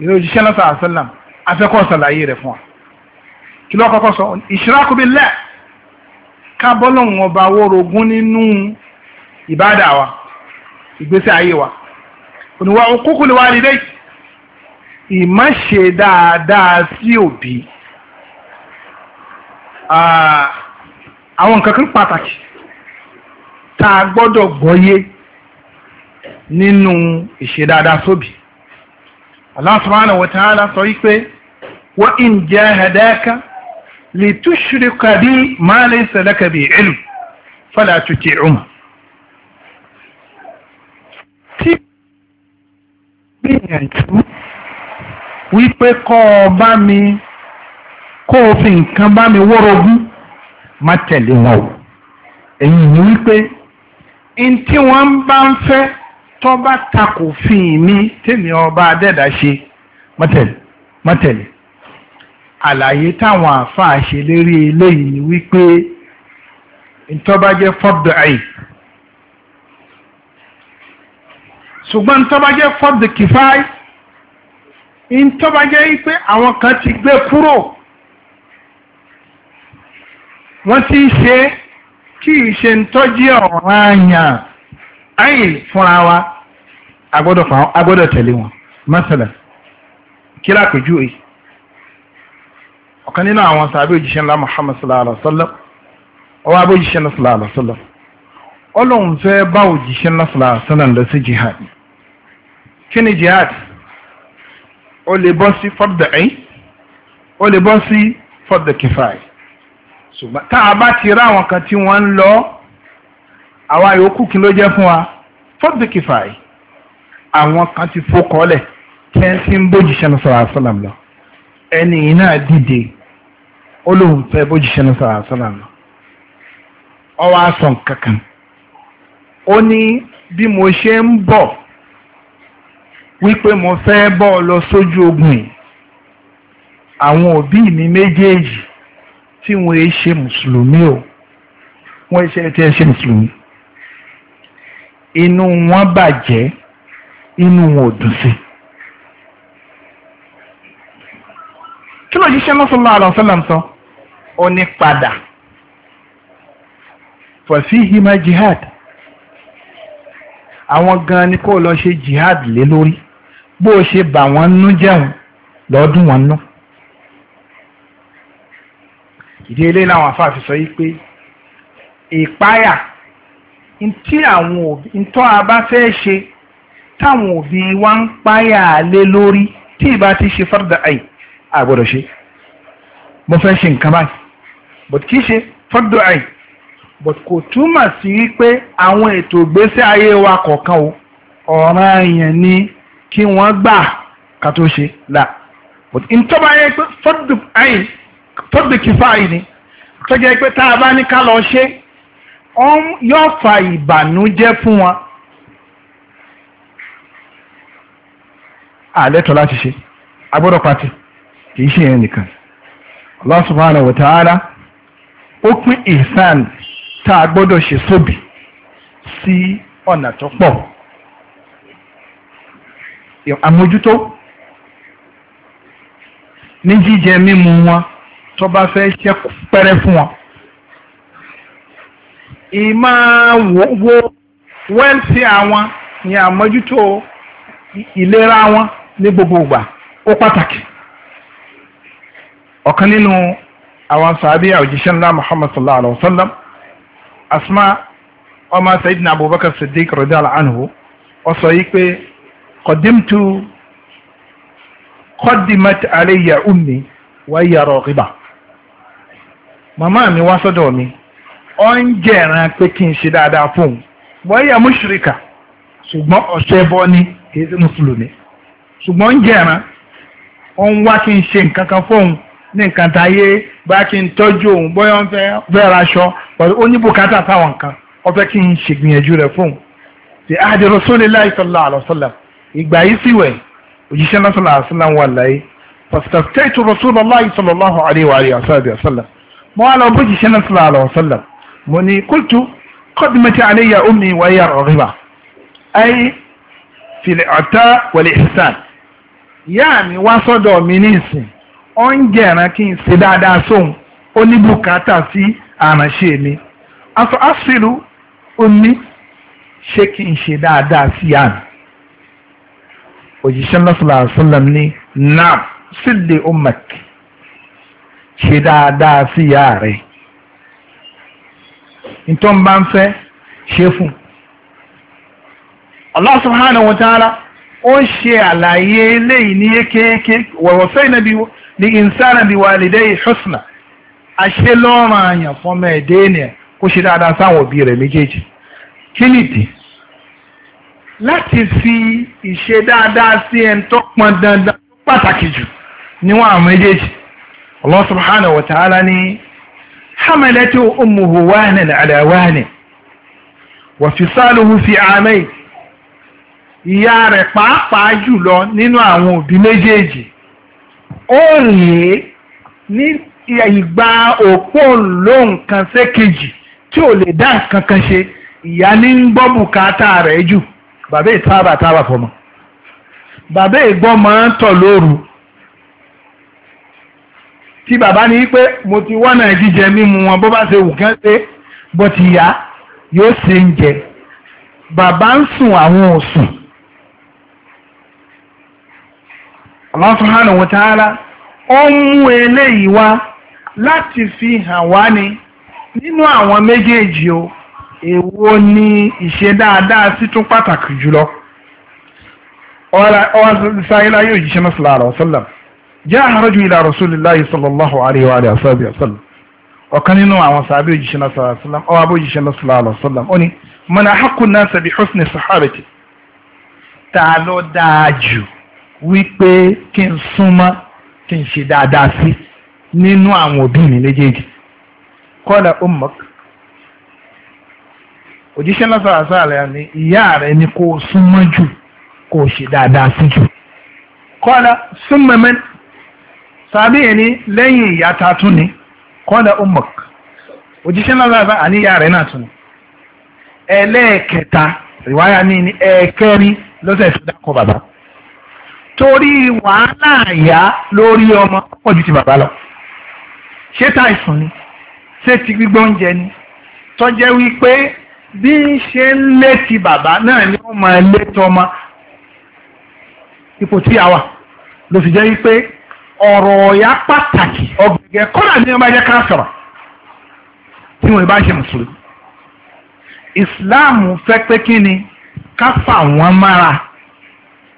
Speaker 1: ilé òjíṣẹ́ lọ́sà afẹ́kọ́ rẹ̀ fún wa kí ló kọ́kọ́ sọ ìṣirákù billah ká bọ́lọ̀ wọn ọba nínú wa wa oníwà òkúkú lè wá rí dé ìmáṣe dáadáa sí òbí àwọn nǹkan kan pàtàkì tá a gbọ́dọ̀ gbọ́yé nínú ìṣe dáadáa sóbì Allah subhanahu wa ta'ala sọ wípé wa in jahadaka li tushrika bi ma laysa laka bi ilm fala tuti'uma gbìyànjú wípé kọ́ ọ bá mi kó o fi nǹkan bá mi wórogún má tẹ̀lé wọn o èyí ni wípé n tí wọ́n bá ń fẹ́ tọ́ bá takò fín mi tèmi ọba adẹ́dà ṣe má tẹ̀lé má tẹ̀lé àlàyé táwọn àáfàá ṣe lérí eléyìí ni wípé ntọ́bajẹ́ fọ́bdọ̀ àyè. ṣùgbọ́n tó bá jẹ́ fọ́dù kìfáì in tó bá jẹ́ pé àwọn kan ti gbé kúrò wọ́n ti ṣe kí ìṣe ń tọ́jú ọ̀ràn àyàn ayè fúnra wa agbọ́dọ̀ tẹ̀lé wọn mọ́sálà kí lápèjú èyí ọ̀kan nínú àwọn sàbẹ̀ òjíṣẹ́ ńlá Muhammad sallallahu alaihi wa sallam ọwọ́ abẹ́ òjíṣẹ́ ńlá sallallahu ọlọ́run fẹ́ bá òjíṣẹ́ ńlá sallallahu alaihi lọ sí jihad ni kí ni jihad ó lè bọ́ sí fọ́dà ẹ̀ ó lè bọ́ sí fọ́dà kìfàì ṣùgbọ́n tá a bá ti rá àwọn kan tí wọ́n ń lọ àwa yòókù kí ló jẹ́ fún wa fọ́dà kìfàì àwọn kan ti fọkọ́lẹ̀ kí ẹ ti ń bójúṣẹ́ ní sọ̀rọ̀ àṣàlám lọ ẹni iná dìde ó lóun fẹ́ bójúṣẹ́ ní sọ̀rọ̀ àṣàlám lọ ọwọ́ àṣọ kankan ó ní bí mo ṣe ń bọ̀ wípé mo fẹ́ bọ́ ọ lọ sójú ogun yìí àwọn òbí mi méjèèjì tí wọ́n ẹ e ṣe mùsùlùmí o wọ́n ẹ ṣe tí ẹ ṣe mùsùlùmí inú wọn bàjẹ́ inú wọn ò dùn sí. kí ló jíṣẹ́ náà sallallahu alaihi wasallam sọ ó ní padà fọ̀síhìmá jihad àwọn gan ni kó lọ ṣe jihad lé lórí bó o ṣe bà wọ́n nú jẹun lọ́ọ́dún wọn nú. ìdí eléyìí làwọn afáàfi sọ yìí pé ìpáyà ntí àwọn òbí ntọ́ a bá fẹ́ ṣe táwọn òbí wa ń páyà lé lórí tí ìbá ti ṣe fọ́dà àì àgbọ̀dọ̀ ṣe mo fẹ́ ṣe nǹkan báyìí but kì í ṣe fọ́dà àì but kò túmọ̀ sí wípé àwọn ètò ìgbésí ayé wa kọ̀ọ̀kan o ọ̀ràn yẹn ni. kí wọ́n gbà ká tó ṣe là ntọ́ba yẹ pé fọ́dù àyìn fọ́dù kìfà àyìn ni tọ́jà yẹ pé tá a bá ní ká lọ ṣe yóò fa ìbànújẹ́ fún wọn. àlẹ́tọ̀ láti ṣe agbọ́dọ̀ pati kì í ṣe yẹn nìkan ó pín tá a gbọ́dọ̀ ṣe sóbì sí ọ̀nà àmójútó ní jíjẹ mímu wọn tó bá fẹ́ ṣe pẹ́rẹ́ fún wọn. ìmọ̀ wo wẹ́ẹ̀sì àwọn ni àmójútó ìlera wọn ní gbogbo ìgbà ó pàtàkì. ọ̀kan nínú àwọn sàbíà òjíṣẹ́ ńlá Muhammad sallallahu alaihi wa sallam Asma ọmọ na Abubakar Siddiq radiyallahu anhu ó sọ yìí pé. قدمت قدمت علي أمي وهي راغبة màmá mi wá sọ́dọ̀ mi ó ń jẹ̀ràn pé kí n ṣe dáadáa fún un wáyà mùṣírìkà ṣùgbọ́n ọ̀ṣẹ́ bọ́ ní kìí ṣe mùsùlùmí ṣùgbọ́n ó ń jẹ̀ràn ó ń wá kí n ṣe nǹkan kan fóun ní nǹkan táyé bá kí n tọ́jú òun bóyá ó ń fẹ́ raṣọ pẹ̀lú ó ní bùkátà táwọn kan ó fẹ́ kí n ṣègbìyànjú rẹ̀ fóun. ti àdìrò sólè láì sallallahu alaihi wasallam ìgbà yìí sì wẹ̀ òjíṣẹ́ náà sọ̀rọ̀ àṣìlá wà láyé pàṣẹtàkìtẹ́tù Rasulullahi sallallahu alaihi wa alihi wasallam mo wá lọ bójìṣẹ́ náà sọ̀rọ̀ àlọ́ sọ̀lá mo ní kúltù qadmat alayya ummi wa hiya raghibah ay fil ata wal ihsan mi wá sọ́dọ̀ mi ní ìsìn ó ń ṣe dáadáa sóhun ó sí àránṣẹ́ mi aṣọ àṣìlú omi ṣé kí n ṣe dáadáa sí àná òjíṣẹ́ lọ́sọ̀lá sọ́lọ́m ní nam sílẹ̀ umak ṣe dáadáa sí ìyá rẹ̀ nítorí bá ń fẹ́ ṣe fún Allah subhanahu wa ta'ala ó ń ṣe àlàyé eléyìí ní yékéyéké wọ̀wọ̀fẹ́ ìnàbí ní ìnsára bí wàlìdẹ́ husna àṣẹ lọ́rùn àyàn fọmọ ẹ̀dẹ́ ènìyàn kó ṣe dáadáa sáwọn òbí rẹ̀ méjèèjì kí nìdí láti fi ìṣe dáadáa sí ẹn tó pọn dandan pàtàkì jù níwọ̀n àwọn méjèèjì Allah subhanahu wa ta'ala ni hamalatu ummuhu wahnan ala wahnin wa fisaluhu fi amayn ìyá rẹ̀ pàápàá jùlọ nínú àwọn òbí méjèèjì ó rèé ní ìgbà òpó ló nǹkan sékejì tí ò lè dá nǹkan kan ṣe ìyá ní ń gbọ́ bùkátà rẹ̀ jù bàbá ìtaàbà táàbà fọmọ bàbá ìgbọ́n máa ń tọ̀ lóru tí bàbá ní pé mo ti wọ́nà jíjẹ mímu wọn bó bá ṣe wù kán ṣe bó ti yá yóò ṣe ń jẹ bàbá ń sùn àwọn ò sùn Allah subhanahu wa ta'ala ó ń mú eléyìí wá láti fi hàn wá ni nínú àwọn méjèèjì o èwo ni ìṣe dáadáa sí tún pàtàkì jùlọ ọwọ́ sáyélá yóò jíṣẹ́ náà sallallahu alaihi wasallam jẹ́ àhárọ́jú ila rasulillahi sallallahu alaihi wa alihi wa sallam ọ̀kan nínú àwọn sàbí òjíṣẹ́ náà sallallahu alaihi wasallam ọwọ́ abó òjíṣẹ́ náà sallallahu alaihi wasallam ó ní man ahaqqu an-nasi bi husni sahabati ta ló dáa jù wípé kí n súnmọ́ kí n ṣe dáadáa sí nínú àwọn òbí mi méjèèjì qala ummuk òjíṣẹ́ lọ́sàásà rẹ̀ ni ìyá rẹ̀ ni kò súnmọ́ jù kò ṣe dáadáa sí jù kọ́lá súnmọ́mẹ́ sàbí yẹn ni lẹ́yìn ìyá ta tún ni kọ́lá ummak òjíṣẹ́ lọ́sàásà àní ìyá rẹ̀ náà tún ni ẹlẹ́ẹ̀kẹta ìwáyà ní ní ẹ̀ẹ̀kẹrin lọ́sẹ̀ tó dákọ̀ bàbá torí wàhálà ìyá lórí ọmọ pọ̀ ju ti bàbá lọ ṣé táìsùn ni ṣé ti gbígbóúnjẹ ni tọ́jẹ́ wípé bí ń ṣe ń létí bàbá náà ni wọ́n máa létí ọmọ ipò tí a wà ló fi jẹ́ wípé ọ̀rọ̀ ọ̀yá pàtàkì ọ̀gbẹ̀gẹ̀ kọ́dà ní ọba jẹ́ ká sọ̀rọ̀ tí wọ́n bá ṣe mùsùlùmí ìsìláàmù fẹ́ pé kí ni ká fà wọ́n mára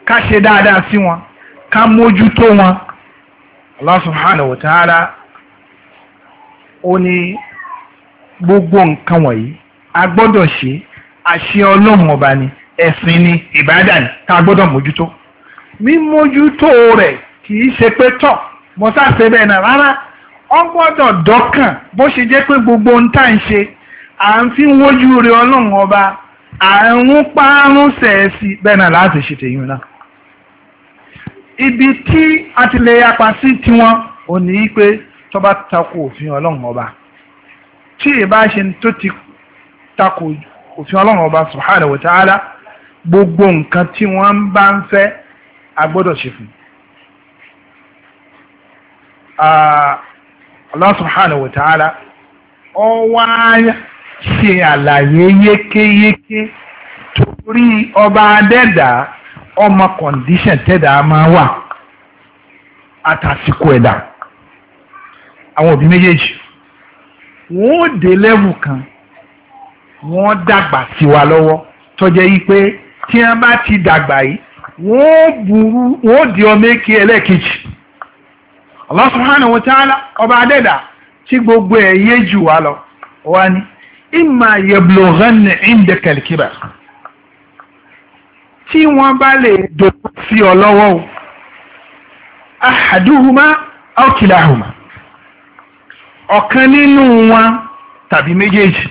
Speaker 1: ká ṣe dáadáa sí wọn ká mójútó wọn Allah subhanahu wa ta'ala ó ní gbogbo nǹkan wọ̀nyí a gbọ́dọ̀ ṣe àṣẹ ọlọ́run ọba ni ẹ̀sìn ni ìbádà ni tá a gbọ́dọ̀ mójútó mímójútó rẹ̀ kì í ṣe pé tọ̀ mo sáṣe bẹ́ẹ̀ náà rárá ọ gbọ́dọ̀ dọ́kàn bó ṣe jẹ́ pé gbogbo ohun tá à ń ṣe à ń fi wójú rẹ̀ ọlọ́run ọba à ń párún sẹ̀ẹ́sì bẹ́ẹ̀ náà láti ṣe tèyún náà ibi tí a ti lè yapa sí tiwọn ò ní í pé tọ́ba tako òfin ọlọ́run ọba tí ìbá ṣe tó ti tako òfin ọlọ́run ọba subhanahu wa gbogbo nǹkan tí wọ́n bá ń fẹ́ ṣe fún ọba adẹ́dà ọmọ tẹ́dà máa wà àtàsìkò ẹ̀dà àwọn òbí méjèèjì wọ́n ó dé lẹ́wù kan wọ́n dàgbà sí wa lọ́wọ́ tó yí pé tí wọ́n bá ti dàgbà yìí wọ́n burú wọ́n di ọmọ èké ẹlẹ́ẹ̀kejì Allah subhanahu wa ọba adẹ́dà tí gbogbo ẹ̀ yé jù wá lọ wá ní imma yablughanna indaka al-kibar tí wọ́n bá lè dòdò sí ọ lọ́wọ́ o ahaduhuma aw kilahuma ọ̀kan nínú wọn tàbí méjèèjì.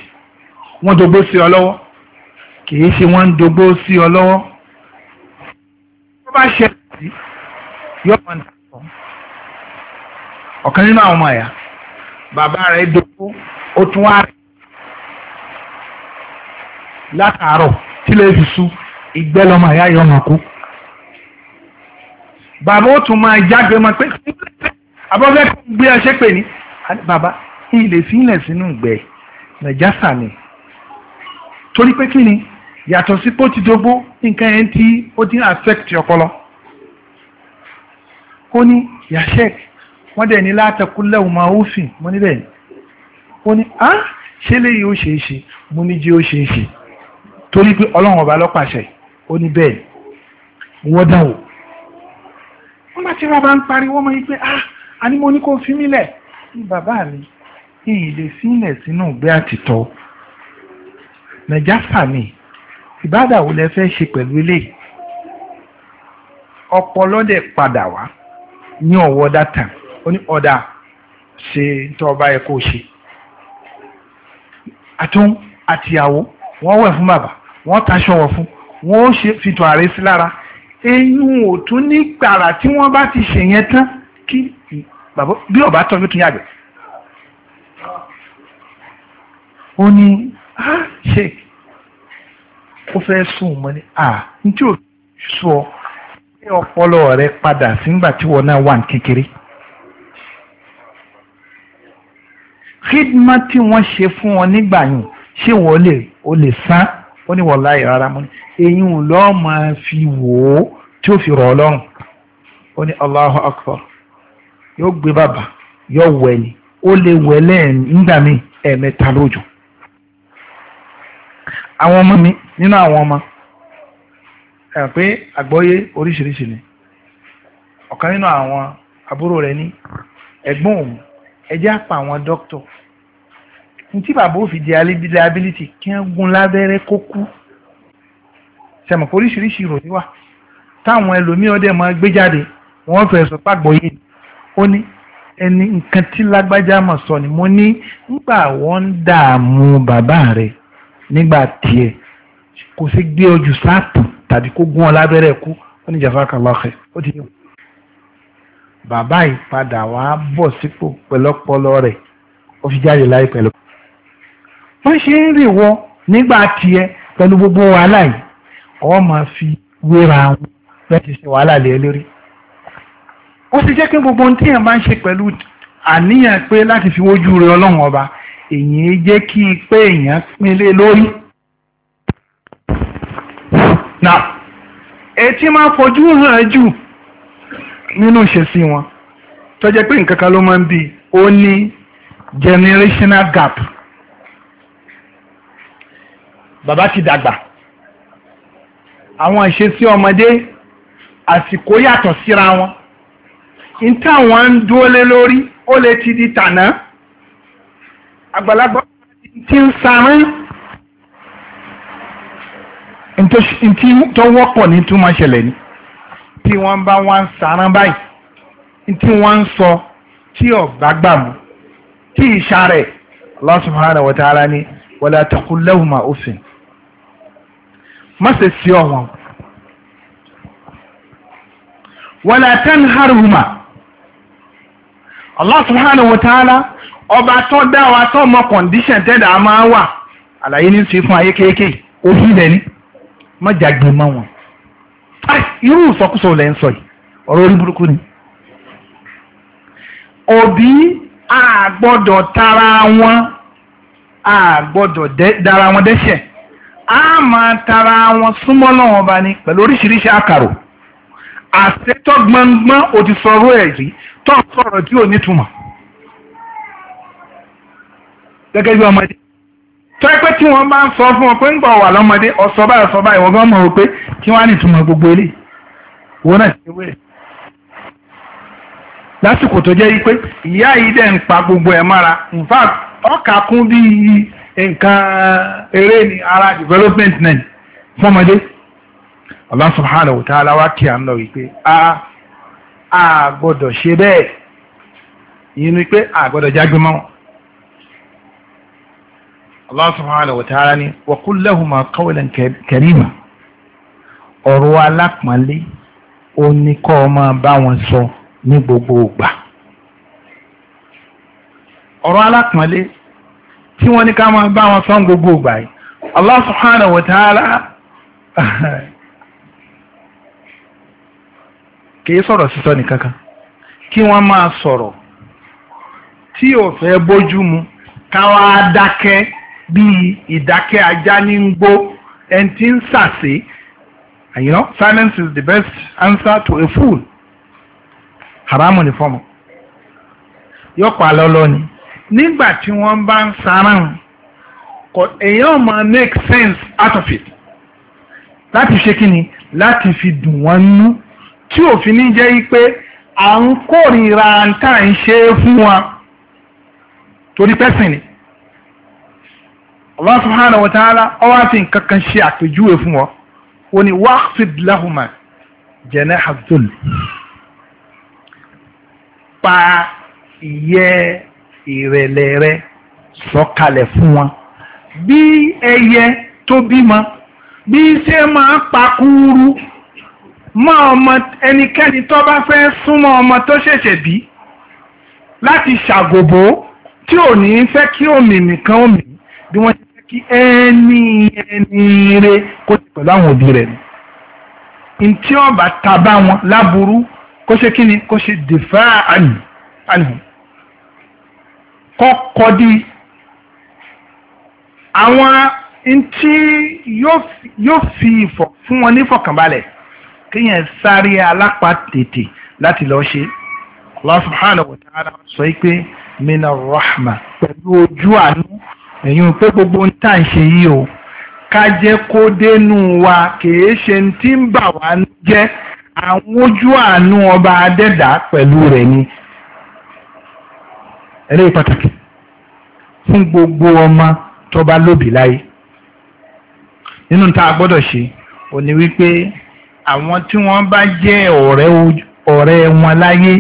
Speaker 1: wọ́n dogbó sí ọ lọ́wọ́ kìí ṣe wọ́n ń dogbó sí ọ lọ́wọ́ tó bá ṣe sí yóò mọ̀ ní àpọ̀ ọ̀kan nínú àwọn ọmọ ẹ̀yà bàbá rẹ̀ dogbó ó tún wá rẹ̀ látàárọ̀ tí lè fi sú ìgbẹ́ lọ́mọ ẹ̀yà yọ ọmọ kú bàbá ó tún máa jágbe mọ́ pé abọ́fẹ́ kò ń gbé ẹṣẹ́ pè ní bàbá ilé sílẹ̀ sínú ìgbẹ́ nàìjásà ni torí pé kí ni yàtọ̀ sí pó ti dógbó nǹkan ẹ̀ ń tí ó dín affect ọpọlọ ó ní yashek wọ́n dẹ̀ ní látàkúlẹ̀ ọmọ òfin mo níbẹ̀ ó ní á ṣe léyìí ó ṣeé ṣe mo ní jẹ́ ó ṣeé ṣe torí pé ọlọ́run ọba lọ́pàṣẹ ó ní bẹ́ẹ̀ wọ́n dà wò wọ́n bá ti rábà ń pariwo mọ́ yìí pé á àní mo ní kó fi mí lẹ̀ bàbá mi ìyìn sílẹ̀ sínú ìgbé àtìtọ́ nàìjáfà ni ìbádà wo lẹ fẹ́ ṣe pẹ̀lú ilé ọpọlọ dẹ̀ padà wá ní ọwọ́ dátà ó ní ọ̀dà ṣe tó ọba ẹ̀ kó ṣe àtún àtìyàwó wọ́n wẹ̀ fún bàbá wọ́n taṣọ wọ̀ fún wọ́n ó fi tọ̀ àrẹ sí lára eyín ò tún ní gbàrà tí wọ́n bá ti ṣe yẹn tán kí bí ọba tọ́ tún yàgbẹ́ ó ní ṣe ó fẹ́ sùn mọ́ ni n tí sọ pé ọpọlọ rẹ padà sígbà tí wọn náà wà kékeré. tí wọ́n ṣe fún ọ nígbà yìí ṣé wọ́n lè o lè san ó ní wọ́n láì rárá fi wò ó tí ó fi rọ̀ ọ́ lọ́rùn ó ní Allahu Akbar yóò gbé yóò wẹ̀ ni ó lè wẹ̀ lẹ́yìn nígbà míì àwọn ọmọ mi nínú àwọn ọmọ ẹ̀ pé àgbọ́yé oríṣiríṣi ni ọ̀kan nínú àwọn àbúrò rẹ̀ ní ẹ̀gbọ́n òun ẹjẹ́ àpà àwọn dókítọ̀ ní tí bàbá ò fi di liability kí wọ́n gún lábẹ́rẹ́ kó kú sẹ̀mọ̀ pé oríṣiríṣi ìròyìn wà táwọn ẹlòmíì ọdẹ máa gbé jáde wọ́n fẹ́ sọ pàgbọ́ yìí ó ní ẹni nǹkan tí lágbájá mọ̀ sọ ni mo ní nígbà wọ́n ń dààmú bàbá rẹ̀ nígbà tiẹ̀ kò sí gbé ojú sáàtàn tàbí kó gún ọ lábẹ́rẹ́ kú ó ní jazakallahu khair ó ti yẹ. bàbá ìpadà wàá bọ̀ sípò pẹ̀lọ́pọlọ rẹ̀ ó fi jáde láì pẹ̀lú. wọ́n ṣe ń rìn wọ nígbà tiẹ̀ pẹ̀lú gbogbo wàhálà yìí ọ máa fi wéra wọn bẹ́ẹ̀ ti ṣe wàhálà lé lórí. ó ti jẹ́ kí gbogbo ohun tí èèyàn bá ń ṣe pẹ̀lú àníyàn pé láti fi wojú rẹ̀ ọlọ́run ọba èyí jẹ́ kí i pé èèyàn pinlé lórí. Nà etí máa fojú hàn jù nínú ìṣesí wọn tó jẹ́ pé nǹkan kan ló máa ń bí ó ní generational gap. Bàbá ti dàgbà àwọn ìṣesí ọmọdé àsìkò yàtọ̀ síra wọn. Ní táwọn ń dúró lé lórí ó lè ti di tàná àgbàlagbà ti ń sáárín ntí tó wọ́pọ̀ ní túmọ̀ ṣẹlẹ̀ ni tí wọ́n bá wá ń sáárín báyìí tí wọ́n ń sọ tí ọ̀bá gbà mú tí ìṣà rẹ̀ Allah subhanahu wa ta'ala ni wala taqul lahuma má ṣe sí ọ̀wọ́n wala tanharhuma Allah subhanahu wa ta'ala ọba tó dá wa tó mọ kọ̀ǹdíṣàn tẹ́dà á máa wà àlàyé ní sí fún ayé kéèké òfin ibẹ̀ ni mọ́jàgbé mọ́ wọn. irú ìsọkúsọ lẹ́ ń sọ yìí ọ̀rọ̀ orí burúkú ni. òbí a gbọ́dọ̀ tara wọn a gbọ́dọ̀ dara wọn dẹ́ṣẹ̀ a máa tara wọn súnmọ́ lọ́wọ́ ọba ni pẹ̀lú oríṣiríṣi àkàrò àṣetọ́ gbọngbọ́n òtítọ́rọ́ ẹ̀rí tó sọ̀rọ̀ tí ò nítumọ̀ gẹ́gẹ́ bí ọmọdé tọ́pẹ́ tí wọ́n bá ń sọ fún ọ pé ń gbọ̀ wà lọ́mọdé ọ̀sọ́ báyìí ọ̀sọ́ báyìí wọ́n gan mọ̀ pé kí wọ́n á ní ìtumọ̀ gbogbo ilé wọn náà ti wé lásìkò tó jẹ́ pé ìyá yìí dẹ̀ ń pa gbogbo ẹ̀ mára in ọkà kún bí nǹkan eré ni ara development náà fọmọdé Allah subhanahu wa ta'ala wa kí à ń lọ wípé a a gbọ́dọ̀ ṣe bẹ́ẹ̀ ìyẹn ni pé a gbọ́dọ̀ jágbe mọ́ wọn. Allah subhanahu wa ta'ala ni wa qul lahuma qawlan karima ọ̀rọ̀ alápọ̀nlé ó ní kọ́ ọ máa bá wọn sọ ní gbogbo ìgbà ọ̀rọ̀ alápọ̀nlé tí wọ́n ní ká máa bá wọn sọ ní gbogbo ìgbà Allah subhanahu wa ta'ala kìí sọ̀rọ̀ sísọ nìkankan kí wọ́n máa sọ̀rọ̀ tí ò fẹ́ bójú mu káwá dákẹ́ bíi ìdákẹ́ ajá ní ń gbó ẹni tí ń sàṣe you know silence is the best answer to a fool haramu ni fọmọ yóò pa lọ́lọ́ ni nígbà tí wọ́n bá ń sarahùn kò èèyàn máa make sense out of it láti ṣe kí ni láti fi dùn wọ́n nú tí òfin ní jẹ́ pé à ń kórìíra tá à ń ṣe é fún wa torí pẹ́sìn ni. Allah subhanahu wa ta'ala ọ wá fi nǹkan kan ṣe àpèjúwe fún wọn ó ní waqfid lahuma janaha dhul pa ìyẹ́ ìrẹ̀lẹ̀ rẹ sọ̀kalẹ̀ fún wọn bí ẹyẹ tó bímọ bí ṣe máa pa kúrú mọ́ ọmọ ẹnikẹ́ni tó bá fẹ́ súnmọ́ ọmọ tó ṣẹ̀ṣẹ̀ bí láti ṣàgòbó tí ò ní fẹ́ kí òmìnì kan òmìnì bí wọ́n kí ẹni ẹni rẹ kó ti pẹ̀lú àwọn òbí rẹ̀ ni ntí ọba ta bá wọn láburú kó ṣe kí ni kó ṣe dèfà ànìhùn kọ́kọ́ di àwọn ntí yóò fi ìfọ̀ fún wọn nífọ̀kànbalẹ̀ kéèyàn sáré alápá tètè láti lọ ṣe Allah subhanahu wa ta'ala sọ pé mina rahma pẹ̀lú ojú àánú ẹ̀yin pé gbogbo tá à ń ṣe yìí o ká jẹ́ kó dénú wa kìí ṣe tí ń bà wá jẹ́ àwọn ojú àánú ọba adẹ́dà pẹ̀lú rẹ̀ ni ẹlẹ́yìí pàtàkì fún gbogbo ọmọ tọba lóbìí láyé nínú tá a gbọ́dọ̀ ṣe ò ní wípé àwọn tí wọ́n bá jẹ́ ọ̀rẹ́ wọn láyé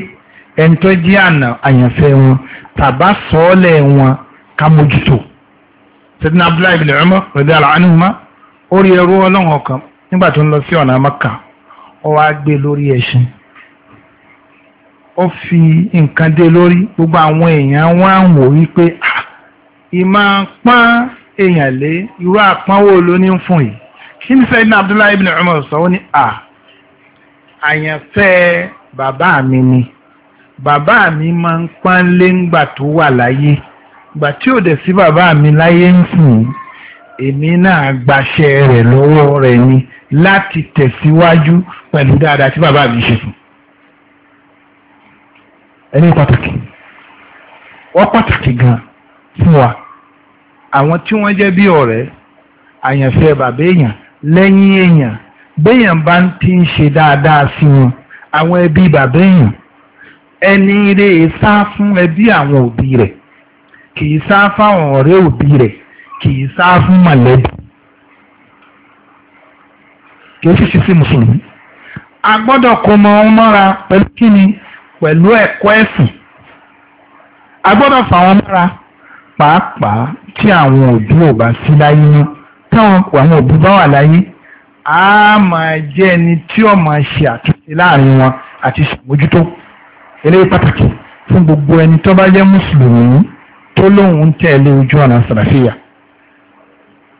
Speaker 1: ẹni tó jẹ́ àná àyànfẹ́ wọn tàbá sọ́ọ́lẹ̀ wọn ká mójútó sẹ́dínà abdullahi ibn umar radiyallahu anhuma ó rí ẹrú ọlọ́run ọ̀kan nígbà tó ń lọ sí ọ̀nà maka ó wá gbé lórí ẹṣin ó fi nǹkan dé lórí gbogbo àwọn èèyàn wá ń wò wípé ah, ìmọ̀ pọ́n èèyàn lé irú àpọ́nwó ló ní fún yìí kí ni sẹ́dínà abdullahi ibn umar sọ ó ní à ah, àyànfẹ́ bàbá mi ni bàbá mi máa ń pọ́n lé ńgbà tó wà láyé gbà tí ò dẹ̀ sí bàbá mi láyé ń sìn èmi náà gbaṣẹ́ rẹ̀ lọ́wọ́ rẹ̀ ni láti tẹ̀síwájú pẹ̀lú dáadáa tí bàbá mi ṣe fún ẹni pàtàkì wọ́n pàtàkì gan fún wa àwọn tí wọ́n jẹ́ bí ọ̀rẹ́ àyànfẹ́ bàbá èèyàn lẹ́yìn èèyàn béèyàn bá ń ti ń ṣe dáadáa sí wọn àwọn ẹbí bàbá èèyàn ẹni rèé sá fún ẹbí àwọn òbí rẹ̀ kì í sá fáwọn ọ̀rẹ́ òbí rẹ̀ kì í sá fún mọ̀lẹ́bí kì í sì sí sí mùsùlùmí. a gbọ́dọ̀ kó mọ ohun mọ́ra pẹ̀lú kíni pẹ̀lú ẹ̀kọ́ ẹ̀sìn a gbọ́dọ̀ fà wọ́n mọ́ra pàápàá tí àwọn òbí ò bá sí láyé ní táwọn àwọn òbí bá wà láyé a máa jẹ́ ẹni tí ó máa ṣe àtúnṣe láàrin wọn àti ṣàmójútó eléyìí pàtàkì fún gbogbo ẹni tó bá jẹ́ mùsùlùmí tó lóun tẹ̀lé ojú ọ̀nà sàràfíà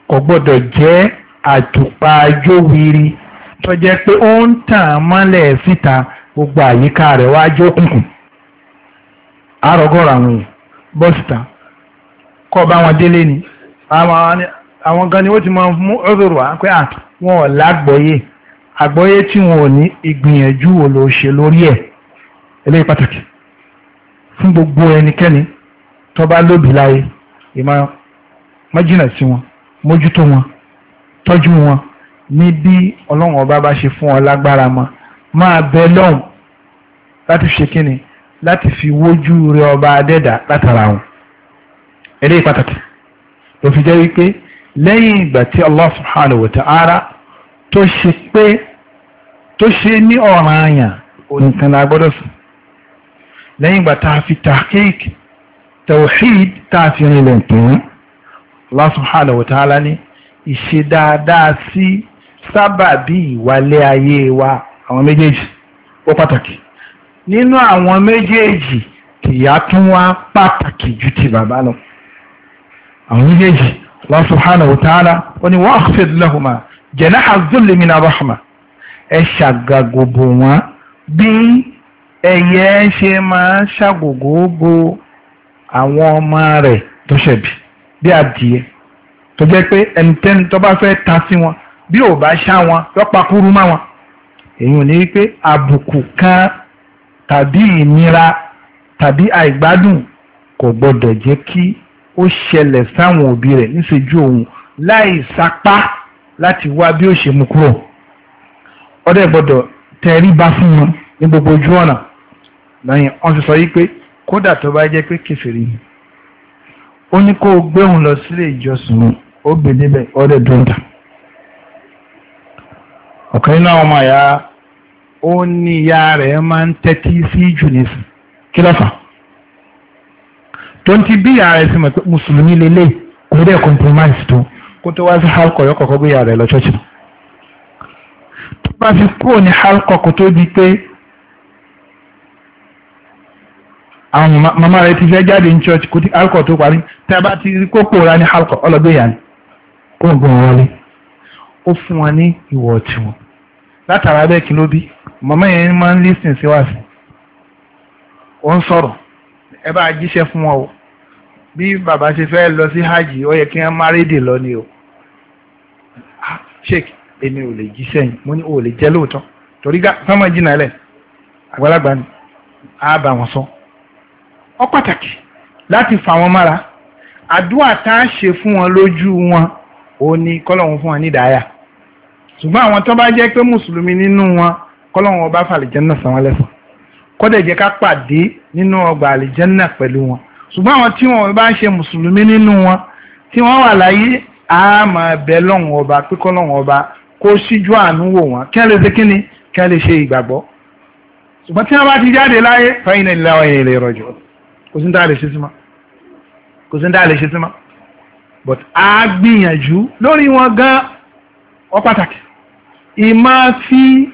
Speaker 1: kò gbọ́dọ̀ jẹ́ àtùpà jówiri tó jẹ́ pé ó ń tàn mọ́lẹ̀ síta gbogbo àyíká rẹ̀ wá jókùnkùn àrògọ́rọ̀ àwọn èèyàn bọ́ síta kọ́ bá wọn délé ni àwọn gan ni ti máa mú wọn ò lágbọ́yé àgbọ́yé tí wọn ò ní ìgbìyànjú wo ló ṣe gbogbo ẹnikẹ́ni tó bá lóbi láyé ìmọ̀ mọ́jìnà sí wọn mójútó wọn tọ́jú wọn ní bí ọlọ́run ọba bá ṣe fún ọ lágbára mọ́ máa bẹ lọ́hùn láti ṣe kíni láti fi wójú rẹ ọba adẹ́dà látara wọn eléyìí pàtàkì ló fi jẹ́ wípé lẹ́yìn ìgbà tí Allah subhanahu wa taara tó ṣe pé tó ṣe ní ọ̀ràn àyàn onìkan la gbọ́dọ̀ sùn lẹ́yìn ìgbà tá a fi tahqiq tawhid tààfin ilẹ̀ tún Allah subhanahu wa ta'ala ní ìṣe dáadáa sí sábàbí ìwálé ayé wa àwọn méjèèjì ó pàtàkì nínú àwọn méjèèjì kìyà tún wá pàtàkì ju ti bàbá lọ àwọn méjèèjì Allah subhanahu wa ta'ala ó ní waqfid lahuma janaha dhulli mina rahma ẹ ṣàgàgòbò wọn bí ẹyẹ ṣe máa ṣàgògò àwọn ọmọ rẹ̀ tó ṣẹ̀bi bí adìyẹ tó jẹ́ pé ẹnikẹ́ni tó bá fẹ́ ta sí wọn bí ò bá ṣá wọn yọ pakuru mọ́ wọn èyí ò ní wípé àbùkù kan tàbí ìnira tàbí àìgbádùn kò gbọdọ̀ jẹ́ kí ó ṣẹlẹ̀ sáwọn òbí rẹ̀ níṣẹ́jú òun láì sapá láti wá bí ó ṣe mú kúrò ọdẹ gbọdọ̀ tẹríba fún wọn ní gbogbo ojú ọ̀nà lẹ́yìn wọ́n ti sọ yí pé kódà tó bá jẹ́ pé kèfèrí ó ní kó gbé lọ sílé ìjọsìn mi ó gbé débẹ̀ ọdẹ dọ́ńdà ọ̀kan nínú àwọn ọmọ àyà ó ní ìyá rẹ̀ máa ń tẹ́tí sí jù nísìn kí ló fà tó ń ti bí ìyá rẹ̀ sí mọ̀ pé mùsùlùmí lélẹ̀ kò dẹ̀ àwọn màmá rẹ ti fẹ́ jáde ní church kò tí alcohol tó parí bá ti rí ra ní alcohol ọlọ́gbẹ̀yà ni kó n gbọ́n wọlé ó fún wa ní ìwọ̀ tiwọn látara bẹ́ẹ̀ kí ló bí màmá yẹn máa ń lísìn sí wàásù ó ń sọ̀rọ̀ ẹ bá fún o bí baba ṣe fẹ́ lọ hajj ó yẹ kí má lọ ni o ah, sheik èmi ò lè yìí mo ní o ò lè torí jìnnà àgbàlagbà ọ pàtàkì láti fà wọn mára àdúrà tá a ṣe fún wọn lójú wọn òun ni kọ́lọ́hún fún wọn ní ìdáyà ṣùgbọ́n àwọn tó bá jẹ́ pé mùsùlùmí nínú wọn kọ́lọ́hún ọba fàlìjẹ́nà san wọ́n lẹ́san kọ́dẹ̀ jẹ́ ká pàdé nínú ọgbà àlìjẹ́nà pẹ̀lú wọn ṣùgbọ́n àwọn tí wọn bá ṣe mùsùlùmí nínú wọn tí wọ́n wà láyé a máa bẹ lọ́hún ọba pé kọ́lọ́hún ọba kó síjú àánú wò wọn kí wọ́n lè ṣe kíni kí wọ́n lè ṣe ìgbàgbọ́ ṣùgbọ́n tí wọ́n bá ti jáde láyé fẹ́yìn náà ìlànà ìrẹ̀ rọ̀jò kò sí ní tá lè ṣe sí ma kò sí ma fi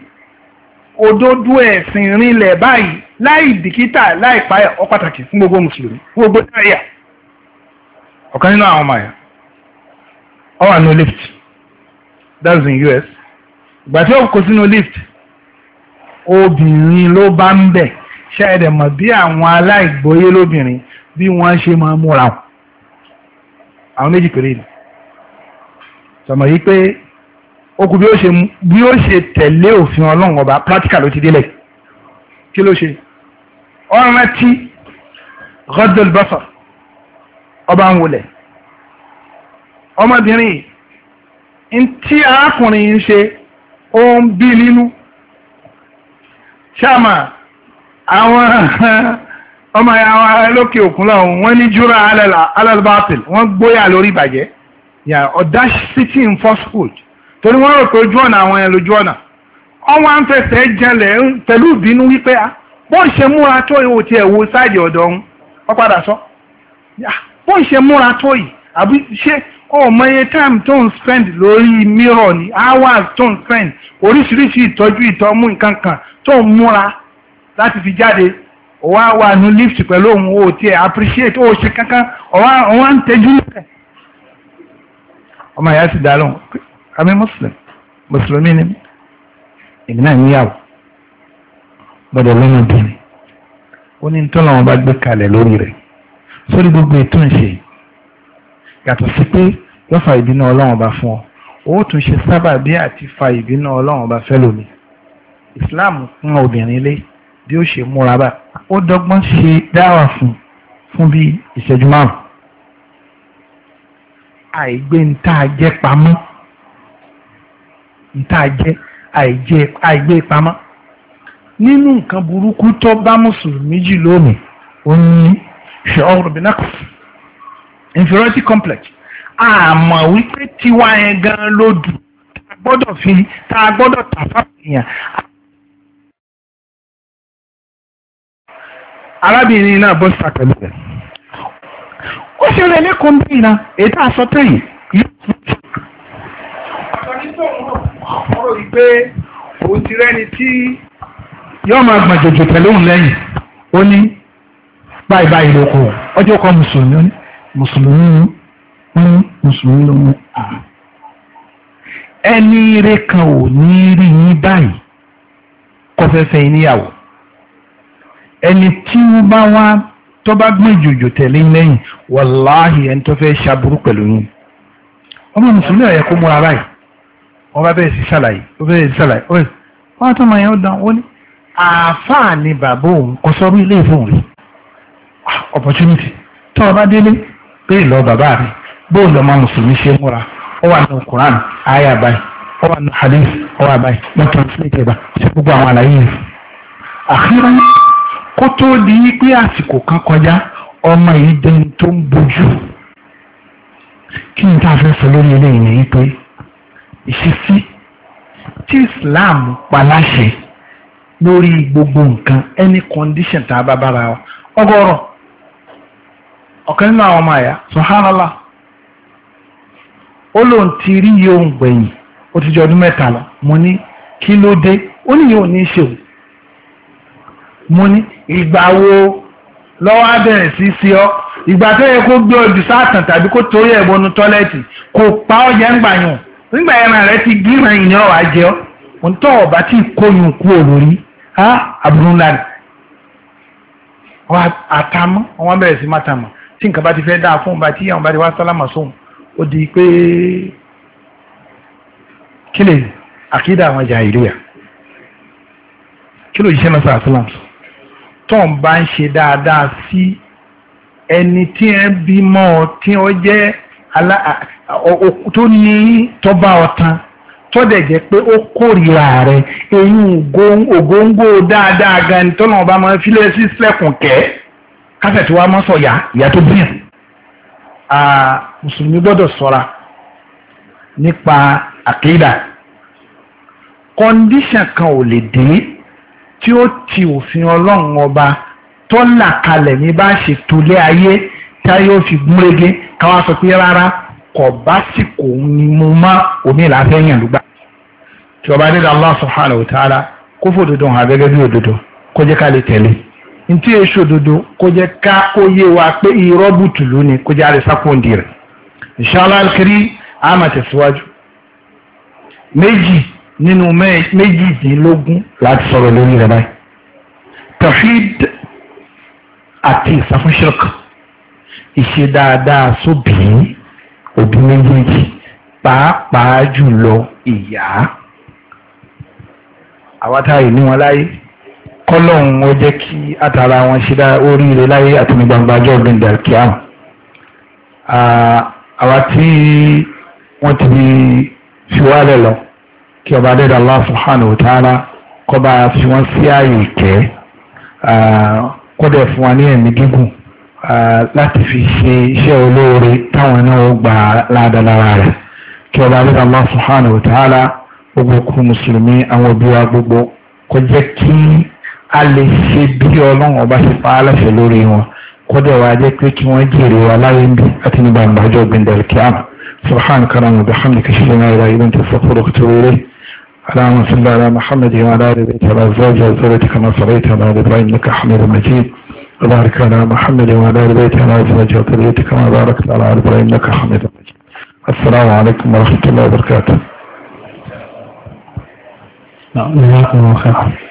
Speaker 1: òdodo ẹ̀sìn rinlẹ̀ báyìí láì bìkítà láì páyà ọ pàtàkì fún gbogbo mùsùlùmí fún gbogbo náírà ọ̀kan nínú àwọn ọmọ àyà ọ wà no lift that's in US ìgbà tí ó kó sínú lift obìnrin ló bá ń ṣẹ́ẹ̀dẹ̀ mọ̀ bí àwọn aláìgbóyé lóbìnrin bí wọ́n ṣe máa múra wọn àwọn méjì péré ni sọmọ yìí pé ó kú bí ó ṣe bí ó ṣe tẹ̀lé òfin ọlọ́run ọba practical ló ti délẹ̀ kí ló ṣe ọ̀ràn tí ghaddul basar ọba ń wọlẹ̀ ọmọbìnrin yìí tí arákùnrin ń ṣe ó ń bí nínú ṣáà àwọn <laughs> ọmọ àwọn alókè òkun lọ́wọ́ wọ́n ní jura alalabatil wọ́n gbóyà lórí ìbàjẹ́ ọ̀dá city in forceful torí wọ́n rò pé ojú ọ̀nà àwọn ẹ̀ lójú ọ̀nà wọ́n wá ń fẹsẹ̀ jẹlẹ̀ pẹ̀lú ìbínú wípé ah, bó ń ṣe múra tó yìí ò tiẹ̀ wo sáàdì ọ̀dọ̀ ọ̀hún wọ́n padà sọ bó ń ṣe múra tó yìí àbí ṣé ọmọ iye time tó ń spend lórí mirror ni hours tó ń spend oríṣiríṣi ìtọ́jú ìtọ́mú nǹkan kan tó ń múra láti fi jáde wá wà ní lift pẹ̀lú òun ò tiẹ̀ appreciate ó ṣe kankan ọwá ń tẹjú lẹ̀ ọmọ ìyá sì dá lóhùn àmì muslim mùsùlùmí ni èmi náà níyàwó gbọ́dọ̀ lọ́nà obìnrin ó ní tọ́lọ̀ wọn bá gbé kalẹ̀ lórí rẹ̀ sórí gbogbo ètò ìṣe yàtọ̀ sí pé yóò fa ìbínú ọlọ́run ọba fún ọ ó tún ṣe sábà bí àti fa ìbínú ọlọ́run ọba fẹ́ lómi islam kún obìnrin lé bí ó ṣe múra bá ó dọ́gbọ́n ṣe dáwà fún fún bí ìṣẹ́jú márùn àìgbé ntá jẹ pamọ́ ntá jẹ àìjẹ àìgbé pamọ́ nínú nǹkan burúkú tó bá mùsùlùmí jù lónìí ó ní ṣọ́ọ̀rù binakus inferiority complex àmọ́ wípé tiwa yẹn gan ló dùn tá a gbọ́dọ̀ fi tá a gbọ́dọ̀ tà fáwọn èèyàn arábìnrin náà bọ́ síta pẹ̀lú rẹ̀ ó ṣe rẹ̀ lẹ́kọ̀ọ́ bí iná èyí tá a sọ tẹ́yìn yóò tún jù. ọ̀sán ní tóun náà rò wípé òun ti tí yóò máa gbọ̀n pẹ̀lú òun lẹ́yìn ó kọ mùsùlùmí ó ní mùsùlùmí ní mùsùlùmí ló mú a. ẹni ire kan ò ní rí yín báyìí kọfẹ́fẹ́ yín níyàwó ẹni tí wọ́n bá wá tó bá gbọ́n jòjò tẹ̀lé lẹ́yìn wàláhì ẹni tó fẹ́ ṣàbùrú pẹ̀lú yín ọmọ mùsùlùmí ọ̀yẹ́ kó múra báyìí wọ́n bá bẹ̀rẹ̀ sí ṣàlàyé wọ́n bẹ̀rẹ̀ sí ṣàlàyé wọ́n wọ́n tó máa yẹn ó dán wọ́n ní àáfàá ni bàbá òun kò sọ orí ilé ìfún rí ah, opportunity tó o bá délé bẹ́ẹ̀ lọ bàbá mi bóun lọ́mọ mùsùlùmí ṣe múra ó wà nù Quran àyà báyìí ó wà nù hadith ó wà báyìí kó tó di pé àsìkò kan kọjá ọmọ yìí dẹni tó ń bojú kí n ta a fẹ́ sọ lórí eléyìí pé ìṣesí lórí gbogbo nǹkan any condition tá a bá bára wa ọgọ́rọ̀ nínú àwọn ọmọ àyà ó ti rí ohun gbẹ̀yìn ó ti o mo ní ìgbà wo lọ́wọ́ á bẹ̀rẹ̀ sí sí ọ ìgbà tó yẹ kó gbé ojú sáàtàn tàbí kó torí ẹ̀ bọnu tọ́lẹ́ẹ̀tì kò pa ọ́ jẹ́ ńgbà yàn nígbà ẹran rẹ ti gíran ìní ọ̀ wá jẹ́ ọ́ òun tó ọ̀bá tí kóyún kú òlórí á àbúrú ńlá rẹ̀ wọ́n àtàmọ́ wọ́n sí má tí nǹkan bá ti fẹ́ dáa fún un bá tí ìyàwó bá ti wá sálámà sóhun ó di pé kí lè àkídà àwọn jàhílíyà kí ló yìí ṣe náà sàásùlámù sọ tó ń bá ń ṣe dáadáa sí ẹni tí ẹ bí mọ́ ọ tí ó jẹ́ tó ní tọ́ba ọ̀tán tó dẹ̀ jẹ́ pé ó kórìíra rẹ̀ eyín ògóńgó dáadáa gan ni tọ́nà ọba máa fi lé sí sílẹ̀kùn kẹ́ kásẹ̀ tí máa sọ ìyá ìyá tó bí yàn. mùsùlùmí gbọ́dọ̀ sọ́ra nípa àkídà kọ́ndíṣàn kan ò lè dé tí ó ti òfin ọlọ́run ọba tó là kalẹ̀ ní bá ṣe tolé ayé táyé ó fi gúnrégé káwá sọ pé rárá kò bá sì kò ní mo má omi ìlàfẹ́yìn lùgbà. tí ọba dídá Allah subhanahu wa ta'ala kó fòdodo hàn gẹ́gẹ́ bí òdodo kó jẹ́ ká lè tẹ̀lé ntí èso dodo kó jẹ ká kó yé wa pé irọ́ bùtùlù ni kó jẹ àrísàkóńdì rẹ̀ inshallah alkiri a tẹ̀síwájú méjì nínú méjìdínlógún láti sọ̀rọ̀ lórí rẹ̀ báyìí tafid àti ìsàfúnṣọ́k ìṣe dáadáa sóbì òbí méjèèjì pàápàá jùlọ ìyá àwa tá a yìí ní wọn láyé kọ́lọ́hún ó jẹ́ kí àtàrà wọn ṣe dá oríire láyé àti ní gbangba ọjọ́ ọ̀gbìn dàkíámù àwa tí wọ́n ti fi wálẹ̀ lọ kí ọba dẹ́dà Allah subhanahu wa ta'ala kọba fi wọ́n sí ààyè ìkẹ́ kọ́dẹ̀ fún wa ní ẹ̀mí gígùn láti fi ṣe iṣẹ́ olóore táwọn náà ó gbà ládàá lára rẹ̀ kí ọba dẹ́dà Allah subhanahu wa ta'ala gbogbo kú mùsùlùmí àwọn òbí wa gbogbo kó jẹ́ kí a lè ṣe bí ọlọ́run ọba ṣe pa á láṣẹ lórí wọn kọ́dẹ̀ wa jẹ́ pé kí wọ́n jèrè wa láyé ń bí àti nígbà ìgbàjọ́ gbẹ̀ndẹ̀lì kíámà subhanaka wa bihamdika ashhadu an la ilaha illa anta astaghfiruka wa atubu اللهم صل على محمد وعلى ال بيته الازواج وذريته كما صليت على ال ابراهيم انك حميد مجيد وبارك على محمد وعلى ال بيته الازواج وذريته كما باركت على ال ابراهيم انك حميد مجيد السلام عليكم ورحمه الله وبركاته نعم جزاكم الله خيرا